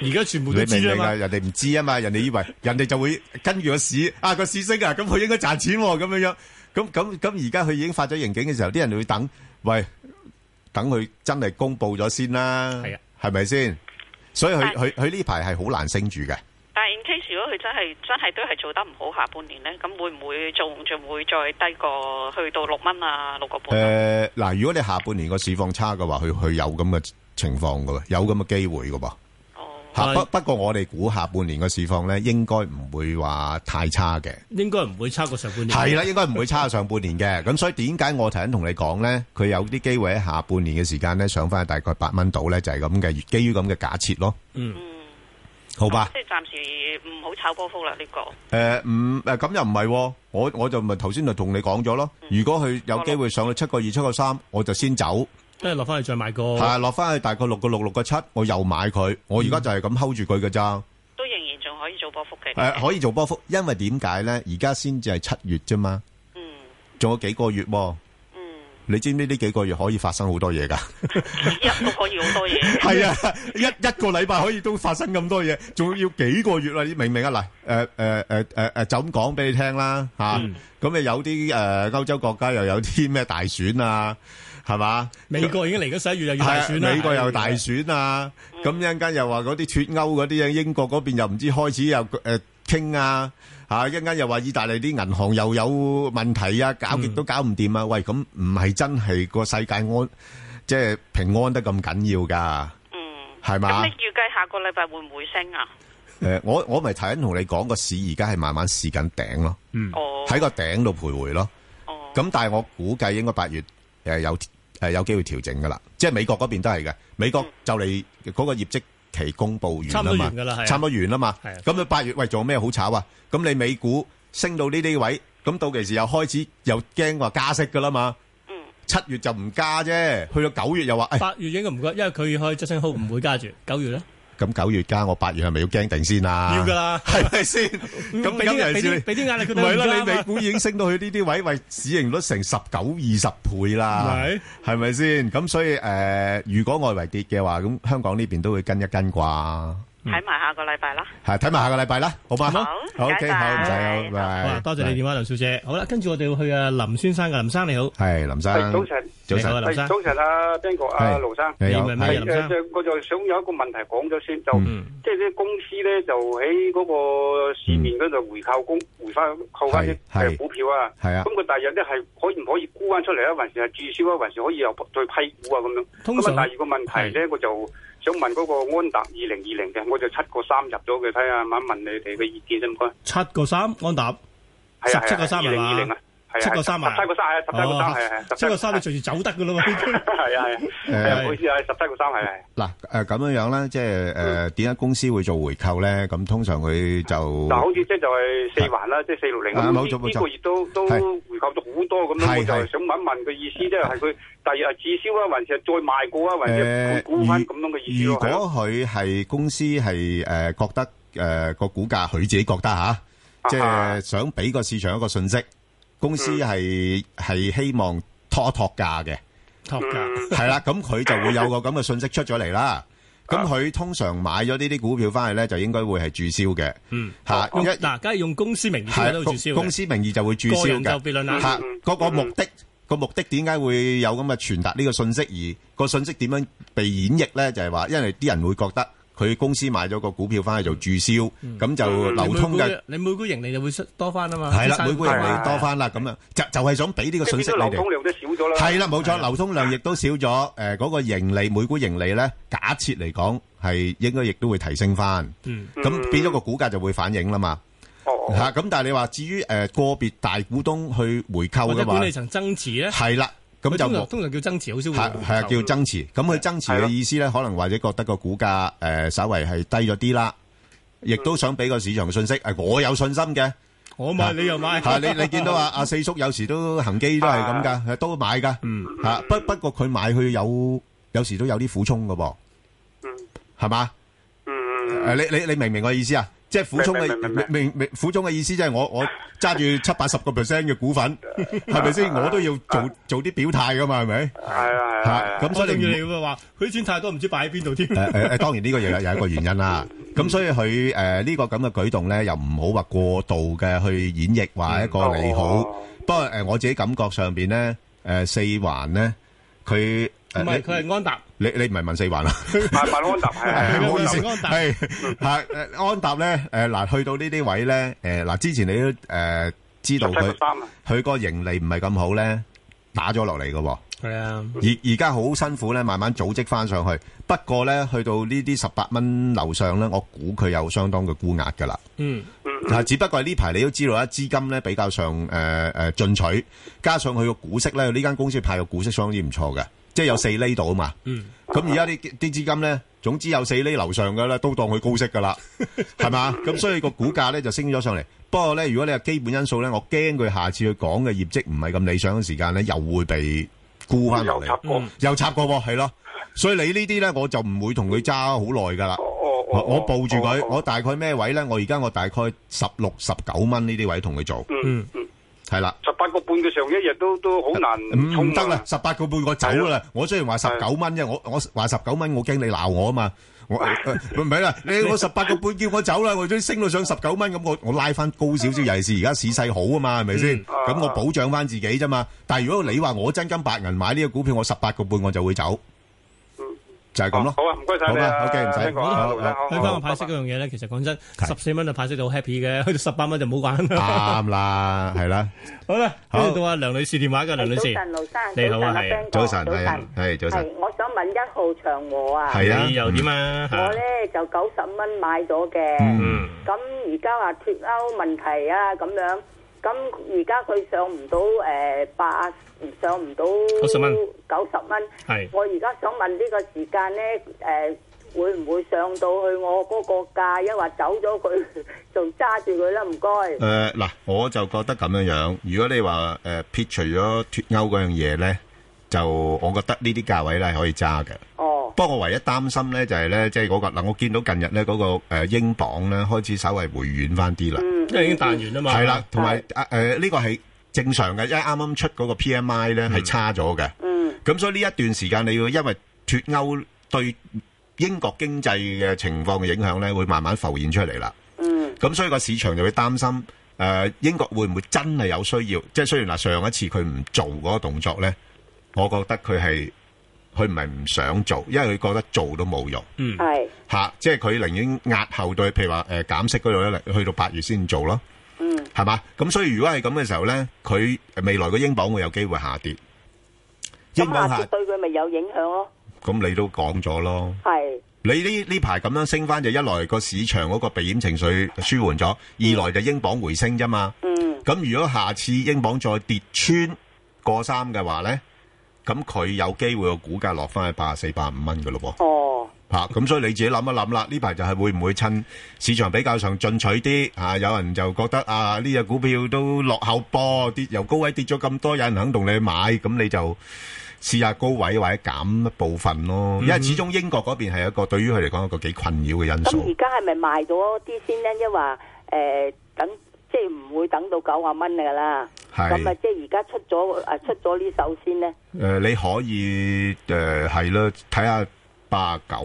而家全部都明啦，人哋唔知啊嘛，人哋以為人哋就會跟住個市啊，個市升啊，咁佢應該賺錢咁樣樣。咁咁咁，而家佢已經發咗盈警嘅時候，啲人會等喂，等佢真係公布咗先啦。係啊，係咪先？所以佢佢佢呢排係好難升住嘅。但係 in case 如果佢真係真係都係做得唔好，下半年咧，咁會唔會仲仲會再低過去到六蚊啊？六個半？誒嗱，如果你下半年個市況差嘅話，佢佢有咁嘅情況噶，有咁嘅機會噶噃。不不過我哋估下半年嘅市況咧，應該唔會話太差嘅。應該唔會差過上半年。係啦， 應該唔會差過上半年嘅。咁所以點解我頭先同你講咧？佢有啲機會喺下半年嘅時間咧，上翻大概八蚊度咧，就係咁嘅，基於咁嘅假設咯。嗯，好、呃、吧。即係暫時唔好炒波幅啦，呢個。誒，唔誒，咁又唔係，我我就咪頭先就同你講咗咯。嗯、如果佢有機會上到七個二、七個三，我就先走。即係落翻去再買過，係落翻去大概六個六六個七，我又買佢。我而家就係咁 hold 住佢嘅咋。都仍然仲可以做波幅嘅。誒，可以做波幅，因為點解咧？而家先至係七月啫嘛。嗯。仲有幾個月？嗯。你知唔知呢幾個月可以發生好多嘢噶？一個月好多嘢。係啊，一一個禮拜可以都發生咁多嘢，仲要幾個月啦，你明唔明啊？嗱，誒誒誒誒誒，就咁講俾你聽啦吓。咁啊，有啲誒歐洲國家又有啲咩大選啊？係嘛？美國已經嚟咗十一月又要大選、啊、美國又大選啊！咁一陣間又話嗰啲脱歐嗰啲啊，英國嗰邊又唔知開始又誒傾、呃、啊！吓一陣間又話意大利啲銀行又有問題啊，搞極都搞唔掂啊！喂，咁唔係真係個世界安即係平安得咁緊要噶？嗯，係嘛吧？咁、嗯、你預計下個禮拜會唔會升啊？誒，我我咪頭先同你講個市而家係慢慢試緊頂咯，嗯，喺個頂度徘徊咯。哦、嗯、咁、嗯、但係我估計應該八月誒有。呃係有機會調整噶啦，即係美國嗰邊都係嘅。美國就嚟嗰個業績期公布完啊嘛，差唔多完啦嘛。咁啊八月喂，做咩好炒啊？咁你美股升到呢啲位，咁到期時又開始又驚話加息噶啦嘛。七月就唔加啫，去到九月又話。八月應該唔加，因為佢可以出聲 call，唔會加住。九月咧？咁九月加，啊，我八月係咪要驚定先啊？要噶啦，係咪先咁？今日住俾啲壓力佢都唔得啦，唔係啦，你美股已經升到去呢啲位，喂 市盈率成十九二十倍啦，係咪先？咁 所以誒，呃，如果外圍跌嘅話，咁香港呢邊都會跟一跟啩。睇埋下個禮拜啦，係睇埋下個禮拜啦，好唔好？好，OK，好，唔使，好，拜。多謝你電話，劉小姐。好啦，跟住我哋要去阿林先生噶，林生你好，係林生，早晨，早晨，林生，早晨，阿邊個，阿盧生，係，係，我就想有一個問題講咗先，就即係啲公司咧，就喺嗰個市面嗰度回購公回翻扣翻啲股票啊，係啊，咁個第二咧係可以唔可以沽翻出嚟啊？還是係注銷，還是可以又再批股啊咁樣？通常係咧，我就。想問嗰個安踏二零二零嘅，我就個看看七個三入咗佢睇下問一問你哋嘅意見先唔該。七個三安踏，十七個三二零二零啊。七個三啊！十七個三係啊！十七個三係啊！十七個三，你隨住走得噶啦嘛？係啊係啊，好似係十七個三係啊！嗱誒咁樣樣咧，即係誒點解公司會做回購咧？咁通常佢就嗱，好似即係就係四環啦，即係四六零啊。呢呢個月都都回購咗好多咁樣，我就想問一問嘅意思，即係係佢第二日自銷啊，還是係再賣過啊，還是佢估返咁樣嘅意思咯？係啊！如果佢係公司係誒覺得誒個股價，佢自己覺得吓，即係想俾個市場一個信息。公司係係希望拖拖價嘅，拖價係啦，咁佢就會有個咁嘅信息出咗嚟啦。咁佢通常買咗呢啲股票翻去咧，就應該會係註銷嘅。嗯，嚇，一嗱，梗係用公司名義喺度註銷。公司名義就會註銷嘅。個人就別論啦。嚇，嗰個目的，個目的點解會有咁嘅傳達呢個信息？而個信息點樣被演繹咧？就係話，因為啲人會覺得。佢公司買咗個股票翻去做註銷，咁就流通嘅，你每股盈利就會多翻啊嘛。係啦，每股盈利多翻啦，咁樣就就係想俾呢個信息你哋。咁啲流通量都少咗啦。係啦，冇錯，流通量亦都少咗。誒，嗰個盈利每股盈利咧，假設嚟講係應該亦都會提升翻。嗯，咁變咗個股價就會反映啦嘛。哦，嚇咁，但係你話至於誒個別大股東去回購嘅話，或者管理層增持咧，係啦。咁就通，通常叫增持，好少係啊，叫增持。咁佢增持嘅意思咧，可能或者覺得個股價誒、呃，稍微係低咗啲啦，亦都想俾個市場嘅信息，誒、哎，我有信心嘅，我買、啊、你又買。啊，啊 你你見到阿阿、啊、四叔有時都恒基都係咁噶，都買噶。嗯，吓，不不過佢買去有有時都有啲苦衷噶噃。嗯，係嘛？嗯嗯。誒，你你你明唔明我意思啊？即係苦衷嘅，明明苦衷嘅意思，即係我我揸住七八十個 percent 嘅股份，係咪先？我都要做做啲表態噶嘛，係咪？係啊係啊，咁所以你咁嘅話，佢啲錢太多，唔知擺喺邊度添。誒誒誒，當然呢個嘢有有一個原因啦。咁所以佢誒呢個咁嘅舉動咧，又唔好話過度嘅去演繹話一個利好。不過誒，我自己感覺上邊咧，誒四環咧。佢唔係佢係安踏。你你唔係問四環啦，問安踏。啊，唔好意思，係係誒安踏咧誒嗱，去到呢啲位咧誒嗱，之前你都誒、呃、知道佢佢個盈利唔係咁好咧，打咗落嚟噶。係啊，而而家好辛苦咧，慢慢組織翻上去。不過咧，去到呢啲十八蚊樓上咧，我估佢有相當嘅沽壓噶啦。嗯，嗱，只不過係呢排你都知道啦，資金咧比較上誒誒進取，加上佢個股息咧，呢間公司派個股息相當之唔錯嘅，即係有四厘度啊嘛。嗯，咁而家啲啲資金咧，總之有四厘樓上噶啦，都當佢高息噶啦，係嘛、嗯？咁所以個股價咧就升咗上嚟。 不過咧，如果你係基本因素咧，我驚佢下次佢講嘅業績唔係咁理想嘅時間咧，又會被。沽翻落嚟，又插過，係咯、嗯，所以你呢啲咧，我就唔會同佢揸好耐噶啦。我我、哦哦、我，我抱住佢，哦哦、我大概咩位咧？我而家我大概十六、十九蚊呢啲位同佢做。嗯嗯嗯，係、嗯、啦。了十八個半嘅上一日都都好難、啊，唔得啦，十八個半我走啦。的我雖然話十九蚊啫，我我話十九蚊，我驚你鬧我啊嘛。 我唔係啦，你我十八個半叫我走啦，或者升到上十九蚊咁，我我拉翻高少少，尤其是而家市勢好啊嘛，係咪先？咁、嗯啊、我保障翻自己咋嘛。但係如果你話我真金白銀買呢個股票，我十八個半我就會走。就係咁咯。好啊，唔該晒。好啦，OK，唔使講。睇翻個派息嗰樣嘢咧，其實講真，十四蚊就派息就好 happy 嘅，去到十八蚊就冇玩。啱啦，係啦。好啦，接到阿梁女士電話嘅，梁女士。早晨，盧生。你好，係。早晨，係。係早晨。係，我想問一號長和啊。係啊。又點啊？我咧就九十蚊買咗嘅。嗯。咁而家話脱歐問題啊咁樣，咁而家佢上唔到誒八。上唔到九十蚊，係我而家想問呢個時間咧，誒會唔會上到去我嗰個價，抑或走咗佢，仲揸住佢咧？唔該。誒嗱，我就覺得咁樣樣。如果你話誒撇除咗脱歐嗰樣嘢咧，就我覺得呢啲價位咧係可以揸嘅。哦。不過我唯一擔心咧就係咧，即係嗰個嗱，我見到近日咧嗰個誒英鎊咧開始稍微回軟翻啲啦。嗯。因為已經彈完啊嘛。係啦，同埋誒誒呢個係。正常嘅，因為啱啱出嗰個 PMI 咧係差咗嘅。嗯。咁所以呢一段時間你會因為脱歐對英國經濟嘅情況嘅影響咧，會慢慢浮現出嚟啦。嗯。咁所以個市場就會擔心，誒英國會唔會真係有需要？即係雖然嗱上一次佢唔做嗰個動作咧，我覺得佢係佢唔係唔想做，因為佢覺得做都冇用。嗯。係。嚇！即係佢寧願壓後對，譬如話誒減息嗰度咧，去到八月先做咯。嗯，係嘛？咁所以如果係咁嘅時候咧，佢未來個英鎊會有機會下跌。英鎊跌、嗯、對佢咪有影響咯？咁你都講咗咯。係是你呢呢排咁樣升翻，就一來個市場嗰個避險情緒舒緩咗，二來就英鎊回升啫嘛。嗯。咁如果下次英鎊再跌穿過三嘅話咧，咁佢有機會個股價落翻去八十四、八十五蚊嘅咯噃。哦。啊，咁所以你自己諗一諗啦，呢排就係會唔會趁市場比較上進取啲？啊，有人就覺得啊，呢隻股票都落後波，啲由高位跌咗咁多，有人肯同你買，咁你就試下高位或者減一部分咯。因為始終英國嗰邊係一個對於佢嚟講一個幾困擾嘅因素。咁而家係咪賣咗啲先咧？一話誒，等即係唔會等到九啊蚊噶啦。係咁啊，即係而家出咗誒出咗呢手先咧。誒，你可以誒係咯，睇下。八九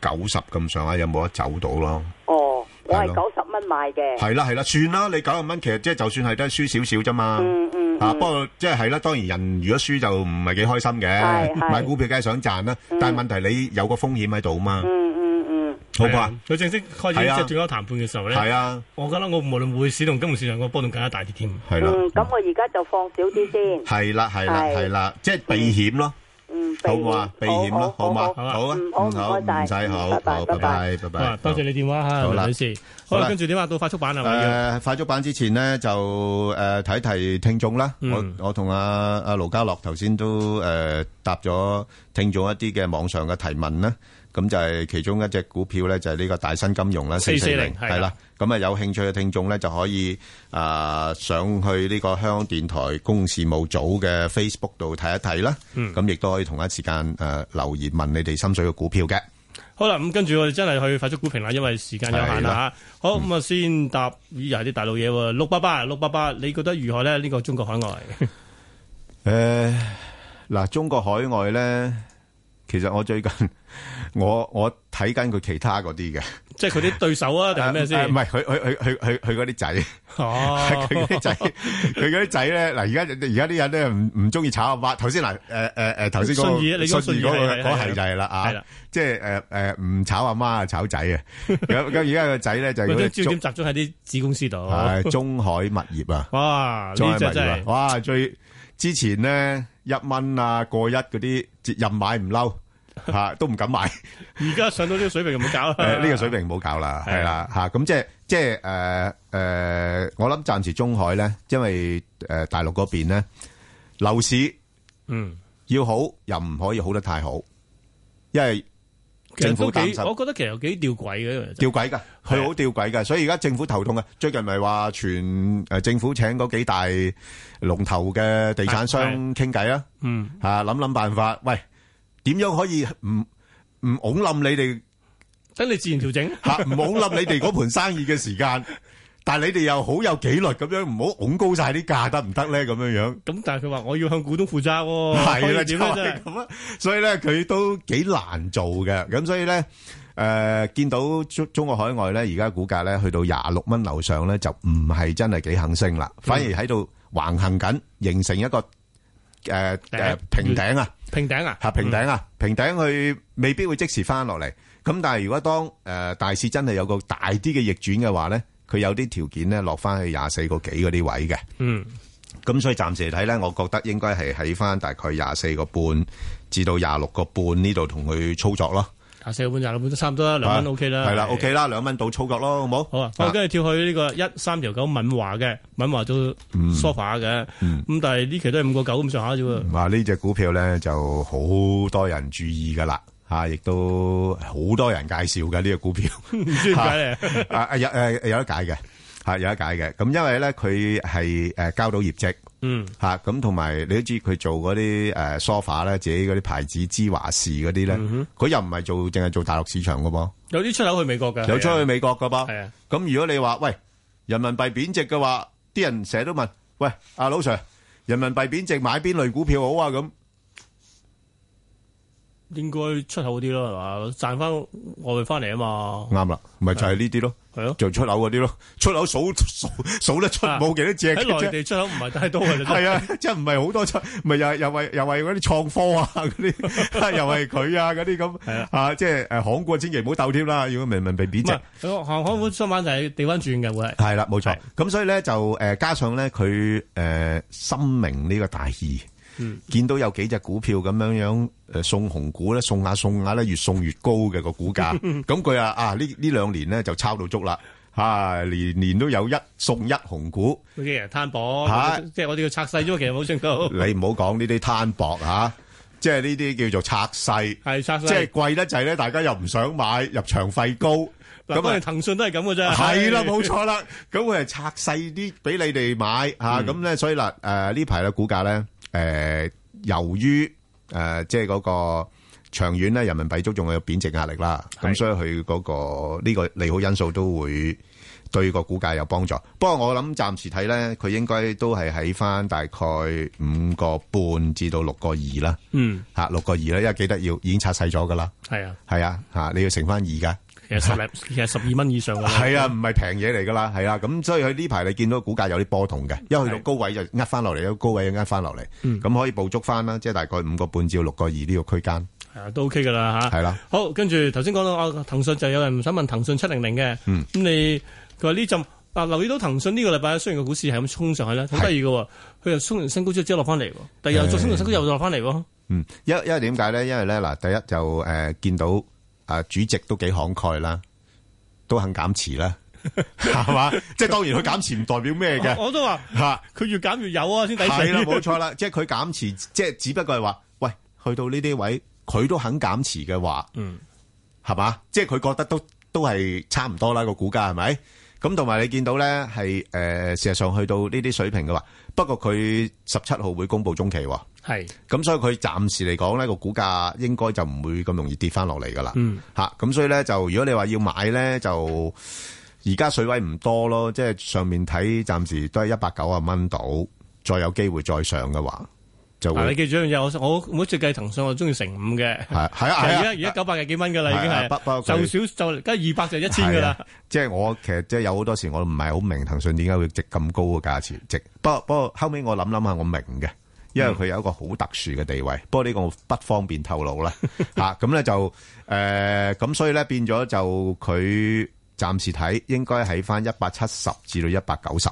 九十咁上下有冇得走到咯？哦，我係九十蚊買嘅。係啦係啦，算啦，你九十蚊，其實即係就算係都係輸少少啫嘛。啊，不過即係，係啦，當然人如果輸就唔係幾開心嘅。係買股票梗係想賺啦，但係問題你有個風險喺度嘛？嗯嗯嗯。好啩，佢正式開始即係最高談判嘅時候咧。係啊。我覺得我無論匯市同金融市場，個波動更加大啲添。係啦。咁我而家就放少啲先。係啦係啦係啦，即係避險咯。好，嗯，避險，好，好，好，好，好，唔好，唔使，好，好，拜拜，拜拜，多謝你電話吓，好啦，女士，好啦，跟住點啊？到快速版啦，係咪？誒，快速版之前呢，就誒睇睇聽眾啦，我我同阿阿盧家樂頭先都誒答咗聽眾一啲嘅網上嘅提問啦，咁就係其中一隻股票咧就係呢個大新金融啦，四四零係啦。咁啊，有興趣嘅聽眾咧，就可以啊，上去呢個香港電台公事務組嘅 Facebook 度睇一睇啦。咁亦都可以同一時間誒留言問你哋心水嘅股票嘅。好啦，咁跟住我哋真係去快速股評啦，因為時間有限啦嚇。好咁啊，先答依家啲大老嘢喎，六八八六八八，你覺得如何咧？呢個中國海外。誒嗱，中國海外咧，其實我最近。我我睇緊佢其他嗰啲嘅，即係佢啲對手啊，定係咩先？唔係佢佢佢佢佢佢嗰啲仔，係佢啲仔，佢嗰啲仔咧。嗱而家而家啲人咧唔唔中意炒阿媽。頭先嗱，誒誒誒，頭先嗰個信義，你嗰個信義嗰個係的的就係、是、啦，即係誒誒，唔炒阿媽，炒仔啊。咁咁而家個仔咧就嗰個焦點集中喺啲子公司度，係中海物業啊。哇！中海物業哇，就是、哇最之前咧一蚊啊過一嗰啲任買唔嬲。吓都唔敢買，而家上到呢個水平就唔好搞啦。呢個水平唔好搞啦，係啦吓。咁即係即係誒誒，我諗暫時中海咧，因為誒大陸嗰邊咧樓市嗯要好又唔可以好得太好，因為政府擔心。我覺得其實幾吊詭嘅，吊詭噶，佢好吊詭噶。所以而家政府頭痛嘅，最近咪話全誒政府請嗰幾大龍頭嘅地產商傾偈啊，嗯吓諗諗辦法，喂。點樣可以唔唔拱冧你哋，等你自然調整。吓，唔拱冧你哋嗰盤生意嘅時間，但係你哋又好有紀律咁樣，唔好拱高晒啲價得唔得咧，咁樣樣。咁但係佢話我要向股東負責喎。係啦，點樣？即係咁啊。所以咧，佢都幾難做嘅。咁所以咧，誒，見到中中國海外咧，而家股價咧去到廿六蚊樓上咧，就唔係真係幾肯升啦，反而喺度橫行緊，形成一個誒誒平頂啊。平頂啊，係平頂啊，平頂佢未必會即時翻落嚟。咁但係如果當誒大市真係有個大啲嘅逆轉嘅話咧，佢有啲條件咧落翻去廿四個幾嗰啲位嘅。嗯，咁所以暫時嚟睇咧，我覺得應該係喺翻大概廿四個半至到廿六個半呢度同佢操作咯。四毫半、廿六半都差唔多啦，兩蚊 OK 啦，係啦 OK 啦，兩蚊到，操作咯，好冇？好啊，我跟住跳去呢個一三條九敏華嘅敏華都 sofa 嘅，咁但係呢期都係五個九咁上下啫喎。哇！呢隻股票咧就好多人注意噶啦，吓亦都好多人介紹嘅呢隻股票，唔知點解咧？啊有誒有得解嘅，吓有得解嘅，咁因為咧佢係誒交到業績。嗯，吓，咁同埋你都知佢做嗰啲誒梳化咧，自己嗰啲牌子芝華士嗰啲咧，佢、嗯、哼又唔係做淨係做大陸市場噶噃，有啲出口去美國嘅，有出去美國噶噃。咁的如果你話喂人民幣貶值嘅話，啲人成日都問喂阿老、啊、Sir，人民幣貶值買邊類股票好啊咁。應該出口啲咯，係嘛賺翻外翻嚟啊嘛，啱啦，咪就係呢啲咯，係咯，就出口嗰啲咯，出口數數數得出，冇幾多隻喺內地出口唔係太多嘅，係啊，即係唔係好多出，咪又又係又係嗰啲創科啊嗰啲，又係佢啊嗰啲咁，啊，即係誒行過千祈唔好鬥添啦，如果明明被貶值，行行過相反就係掉翻轉嘅會係，係啦冇錯，咁所以咧就誒加上咧佢誒心明呢個大義。嗯、見到有幾隻股票咁樣樣誒送紅股咧，送下送下咧，越送越高嘅個股價。咁佢話啊呢呢兩年咧就抄到足啦，吓年年都有一送一紅股。啲、okay, 攤薄吓，啊、即係我哋叫拆細啫嘛，其實冇錯、啊啊。你唔好講呢啲攤薄吓、啊，即係呢啲叫做拆細，係、嗯、即係貴得滯咧，大家又唔想買，入場費高。咁啊咯，騰訊都係咁嘅啫。係啦，冇錯啦。咁佢係拆細啲俾你哋買吓，咁、啊、咧所以嗱誒呢排嘅股價咧。嗯啊誒、呃，由於誒、呃，即係個長遠咧，人民幣都仲有貶值壓力啦，咁的所以佢、嗰個呢、呢個利好因素都會對個股價有幫助。不過我諗暫時睇咧，佢應該都係喺翻大概五個半至到六個二啦。嗯，吓六個二咧，2，因為記得要已經拆細咗噶啦。係的的啊，係啊，吓你要乘翻二噶。其實十其實十二蚊以上嘅，係啊，唔係平嘢嚟噶啦，係啊，咁所以佢呢排你見到股價有啲波動嘅，啊、因一去到高位就呃翻落嚟，高位又呃翻落嚟，咁、嗯、可以捕捉翻啦，即、就、係、是、大概五個半至六個二呢個區間，係、嗯、啊，都 OK 噶啦吓，係啦，好，跟住頭先講到啊，騰訊就有人唔想問騰訊七零零嘅，咁你佢話呢陣啊留意到騰訊呢個禮拜雖然個股市係咁衝上去啦，好得意噶喎，佢又衝完新高之後跌落翻嚟，第二又再衝完新高又落翻嚟喎，嗯，因因為點解咧？因為咧嗱，第一就誒、呃、見到。啊！主席都幾慷慨啦，都肯減持啦，係嘛？ 即係當然佢減持唔代表咩嘅， 我都話嚇。佢、啊、越減越有啊，先抵死、啊。係啦，冇錯啦，即係佢減持，即係只不過係話，喂，去到呢啲位，佢都肯減持嘅話，嗯，係嘛？即係佢覺得都都係差唔多啦，個股價係咪？咁同埋你見到咧係誒，事實上去到呢啲水平嘅話，不過佢十七號會公布中期喎。係，咁是所以佢暫時嚟講呢個股價應該就唔會咁容易跌翻落嚟噶啦。嚇、嗯、咁、啊、所以咧，就如果你話要買咧，就而家水位唔多咯，即係上面睇暫時都係一百九啊蚊到，再有機會再上嘅話，就、啊、你記住一樣嘢，我每次計騰、騰訊，我中意乘五嘅。係啊係啊，而家而家九百幾蚊噶啦已經係，就少就而家二百就一千噶啦。即係我其實即係有好多時我唔係好明騰訊點解會值咁高嘅價錢值，不過不過後尾我諗諗下我明嘅。因為佢有一個好特殊嘅地位，不過呢個我不方便透露啦，吓咁咧就誒咁、呃，所以咧變咗就佢暫時睇應該喺翻一百七十至到一百九十，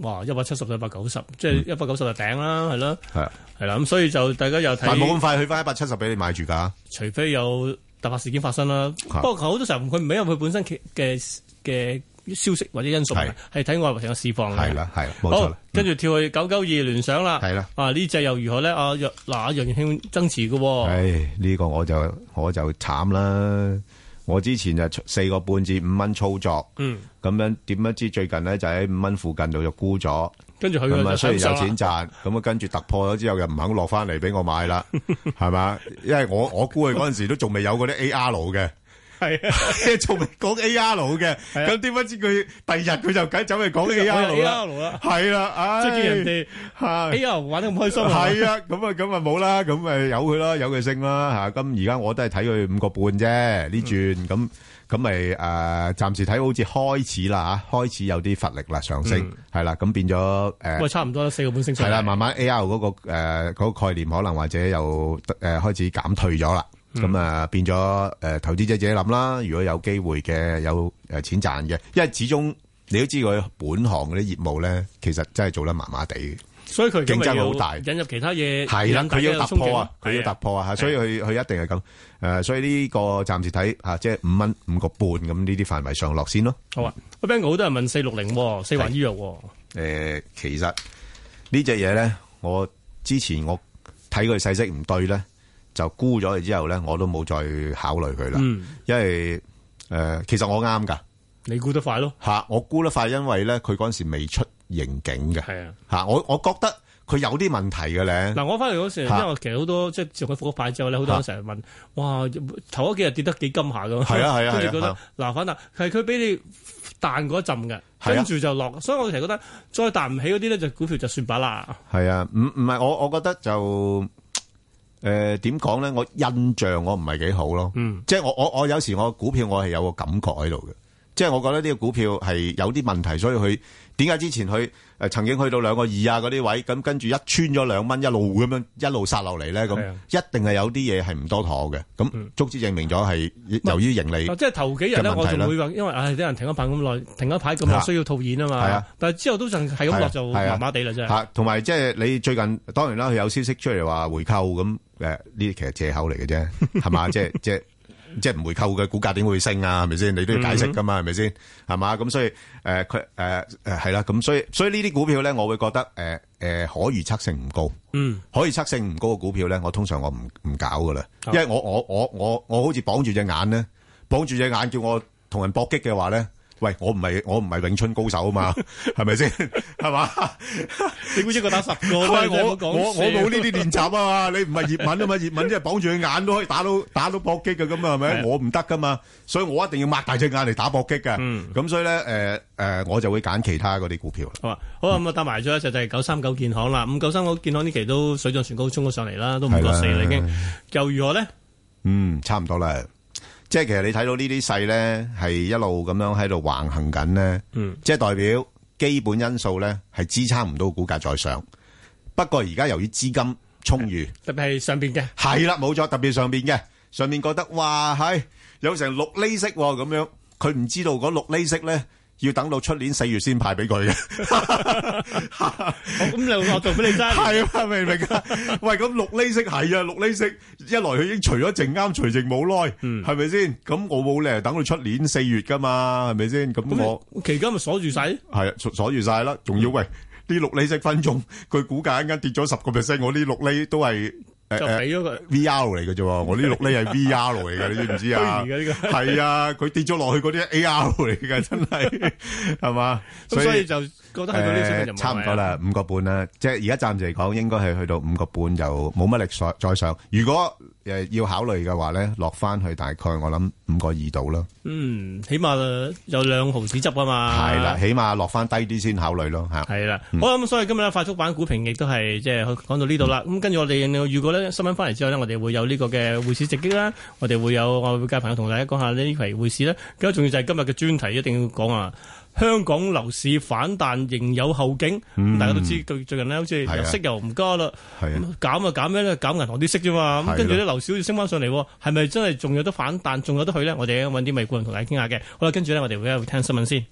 哇一百七十到一百九十，0, 即係一百九十就頂啦，係咯、嗯，係啦，咁所以就大家又睇但冇咁快去翻一百七十俾你買住噶，除非有突發事件發生啦。的不過好多時候佢唔係因為佢本身嘅嘅。消息或者因素，係睇是外圍成個市況嘅。係啦，係冇錯。好嗯、跟住跳去九九二聯想啦。係啦的，啊呢隻又如何咧？啊，嗱，楊、啊、慶增持嘅喎、哦。唉、哎，呢、呢個我就我就慘啦。我之前就四個半至五蚊操作，嗯，咁樣點樣知最近咧就喺五蚊附近度就沽咗。跟住佢，咁啊雖然有錢賺，咁啊跟住突破咗之後又唔肯落翻嚟俾我買啦，係嘛？ 因為我我沽佢嗰陣時都仲未有嗰啲 A R 嘅。係，即係從講 A.R. 嘅，咁點不知佢第二日佢就梗走嚟講 A.R. 啦，係啦，即係叫人哋吓 A.R. 玩得咁開心，係啊，咁啊，咁啊冇啦，咁咪由佢啦，由佢升啦吓。咁而家我都係睇佢五個半啫，呢轉咁咁咪誒，暫時睇好似開始啦吓，開始有啲乏力啦，上升係啦，咁變咗誒，差唔多四個半升升，係啦，慢慢 A.R. 嗰個誒嗰個概念可能或者又誒開始減退咗啦。咁啊，嗯、變咗誒，投資者自己諗啦。如果有機會嘅，有誒錢賺嘅，因為始終你都知佢本行嗰啲業務咧，其實真係做得麻麻地，所以佢競爭好大，引入其他嘢，係啦。佢的要突破啊，佢要突破啊，的所以佢佢一定係咁誒。的所以呢個暫時睇吓，即係五蚊五個半咁呢啲範圍上落先咯。好啊，阿 Ben 哥，好多人問 60, 四六零，四環醫藥誒，其實呢隻嘢咧，我之前我睇佢細息唔對咧。就沽咗佢之後咧，我都冇再考慮佢啦。嗯、因為誒、呃，其實我啱噶，你沽得快咯嚇、啊，我沽得快，因為咧佢嗰陣時未出盈警嘅，係啊嚇，我、啊、我覺得佢有啲問題嘅咧。嗱，我翻嚟嗰時，因為其實好多即係做咗復活派之後咧，好多人成日問，啊、哇，頭嗰幾日跌得幾金下咁。係啊係啊係啊，嗱、啊啊啊、反彈係佢俾你彈嗰陣嘅，跟住就落，啊、所以我成日覺得再彈唔起嗰啲咧，就股票就算把啦。係啊，唔唔係我覺、啊、我覺得就。誒，點講咧？我印象我唔係幾好咯，即係我我我有時我股票我係有個感覺喺度嘅，即係我覺得呢個股票係有啲問題，所以佢點解之前佢誒曾經去到兩個二啊嗰啲位，咁跟住一穿咗兩蚊一路咁樣一路殺落嚟咧，咁一定係有啲嘢係唔多妥嘅，咁足之證明咗係由於盈利，即係頭幾日咧我仲會話，因為誒啲人停一排咁耐，停一排咁需要套現啊嘛，係啊，但係之後都仲係咁落就麻麻地啦，真係。吓，同埋即係你最近當然啦，佢有消息出嚟話回購咁。誒，呢啲、啊、其實借口嚟嘅啫，係嘛？ 即係即係即係唔回購嘅股價點會升啊？係咪先？你都要解釋噶嘛？係咪先？係嘛、mm？咁、hmm. 所以誒，佢誒誒係啦，咁、呃呃、所以所以呢啲股票咧，我會覺得誒誒、呃呃、可預測性唔高，嗯、mm，hmm. 可預測性唔高嘅股票咧，我通常我唔唔搞噶啦，Okay. 因為我我我我我，我好似綁住隻眼咧，綁住隻眼叫我同人搏擊嘅話咧。喂，我唔係我唔係詠春高手啊嘛，係咪先？係 嘛？ 你估一個打十個？我我我冇呢啲練習啊嘛，你唔係葉問啊嘛，葉問即係綁住佢眼都可以打到打到搏擊嘅咁啊，係咪？我唔得噶嘛，所以我一定要擘大隻眼嚟打搏擊嘅。咁、嗯、所以咧，誒、呃、誒、呃，我就會揀其他嗰啲股票啦。好啊，好啊，咁、嗯、啊、嗯，搭埋咗一就就係九三九建行啦，咁九三九建行呢期都水漲船高衝咗上嚟啦，都唔過四啦，已經的又如何咧？嗯，差唔多啦。即係其實你睇到呢啲勢咧，係一路咁樣喺度橫行緊咧，嗯、即係代表基本因素咧係支撐唔到股價再上。不過而家由於資金充裕，特別係上邊嘅係啦，冇錯，特別上邊嘅上面覺得哇係有成六厘息咁樣，佢唔知道嗰六厘息咧。要等到出年四月先派俾佢嘅，咁兩個做俾你真係啊，明唔明啊？喂，咁六厘息係啊，六厘息一來佢已經除咗淨啱，除淨冇耐，係咪先？咁我冇理由等到出年四月噶嘛，係咪先？咁我期間咪鎖住晒，係啊鎖住晒啦，仲要喂啲六厘息分鐘，佢股價一陣跌咗十個 percent，我啲六厘都係。呃、就俾咗個 VR 嚟㗎啫喎， 我呢六咧係 VR 嚟㗎， 你知唔知 啊？係啊，佢跌咗落去嗰啲 AR 嚟㗎，真係，係嘛？所以就。覺得誒，差唔多啦，五個半啦，即係而家暫時嚟講，應該係去到五個半就冇乜力再上。如果誒、呃、要考慮嘅話咧，落翻去大概我諗五個二度咯。嗯，起碼有兩毫紙執噶嘛。係啦，起碼落翻低啲先考慮咯，吓。係啦的，好啦，嗯，咁所以今日咧快速版股評亦都係即係講到嗯、呢度啦。咁跟住我哋如果咧新聞翻嚟之後呢，我哋會有呢個嘅匯市直擊啦，我哋會有外界朋友同大家講下呢期匯市啦。咁啊，重要就係今日嘅專題一定要講啊。香港樓市反彈仍有後勁，嗯、大家都知最近呢好似又息又唔加啦，減啊減咩咧減銀行啲息啫嘛，咁跟住咧樓市好似升翻上嚟，係咪真係仲有得反彈，仲有得去咧？我哋揾啲美國人同大家傾下嘅，好啦，跟住咧我哋會咧會聽新聞先。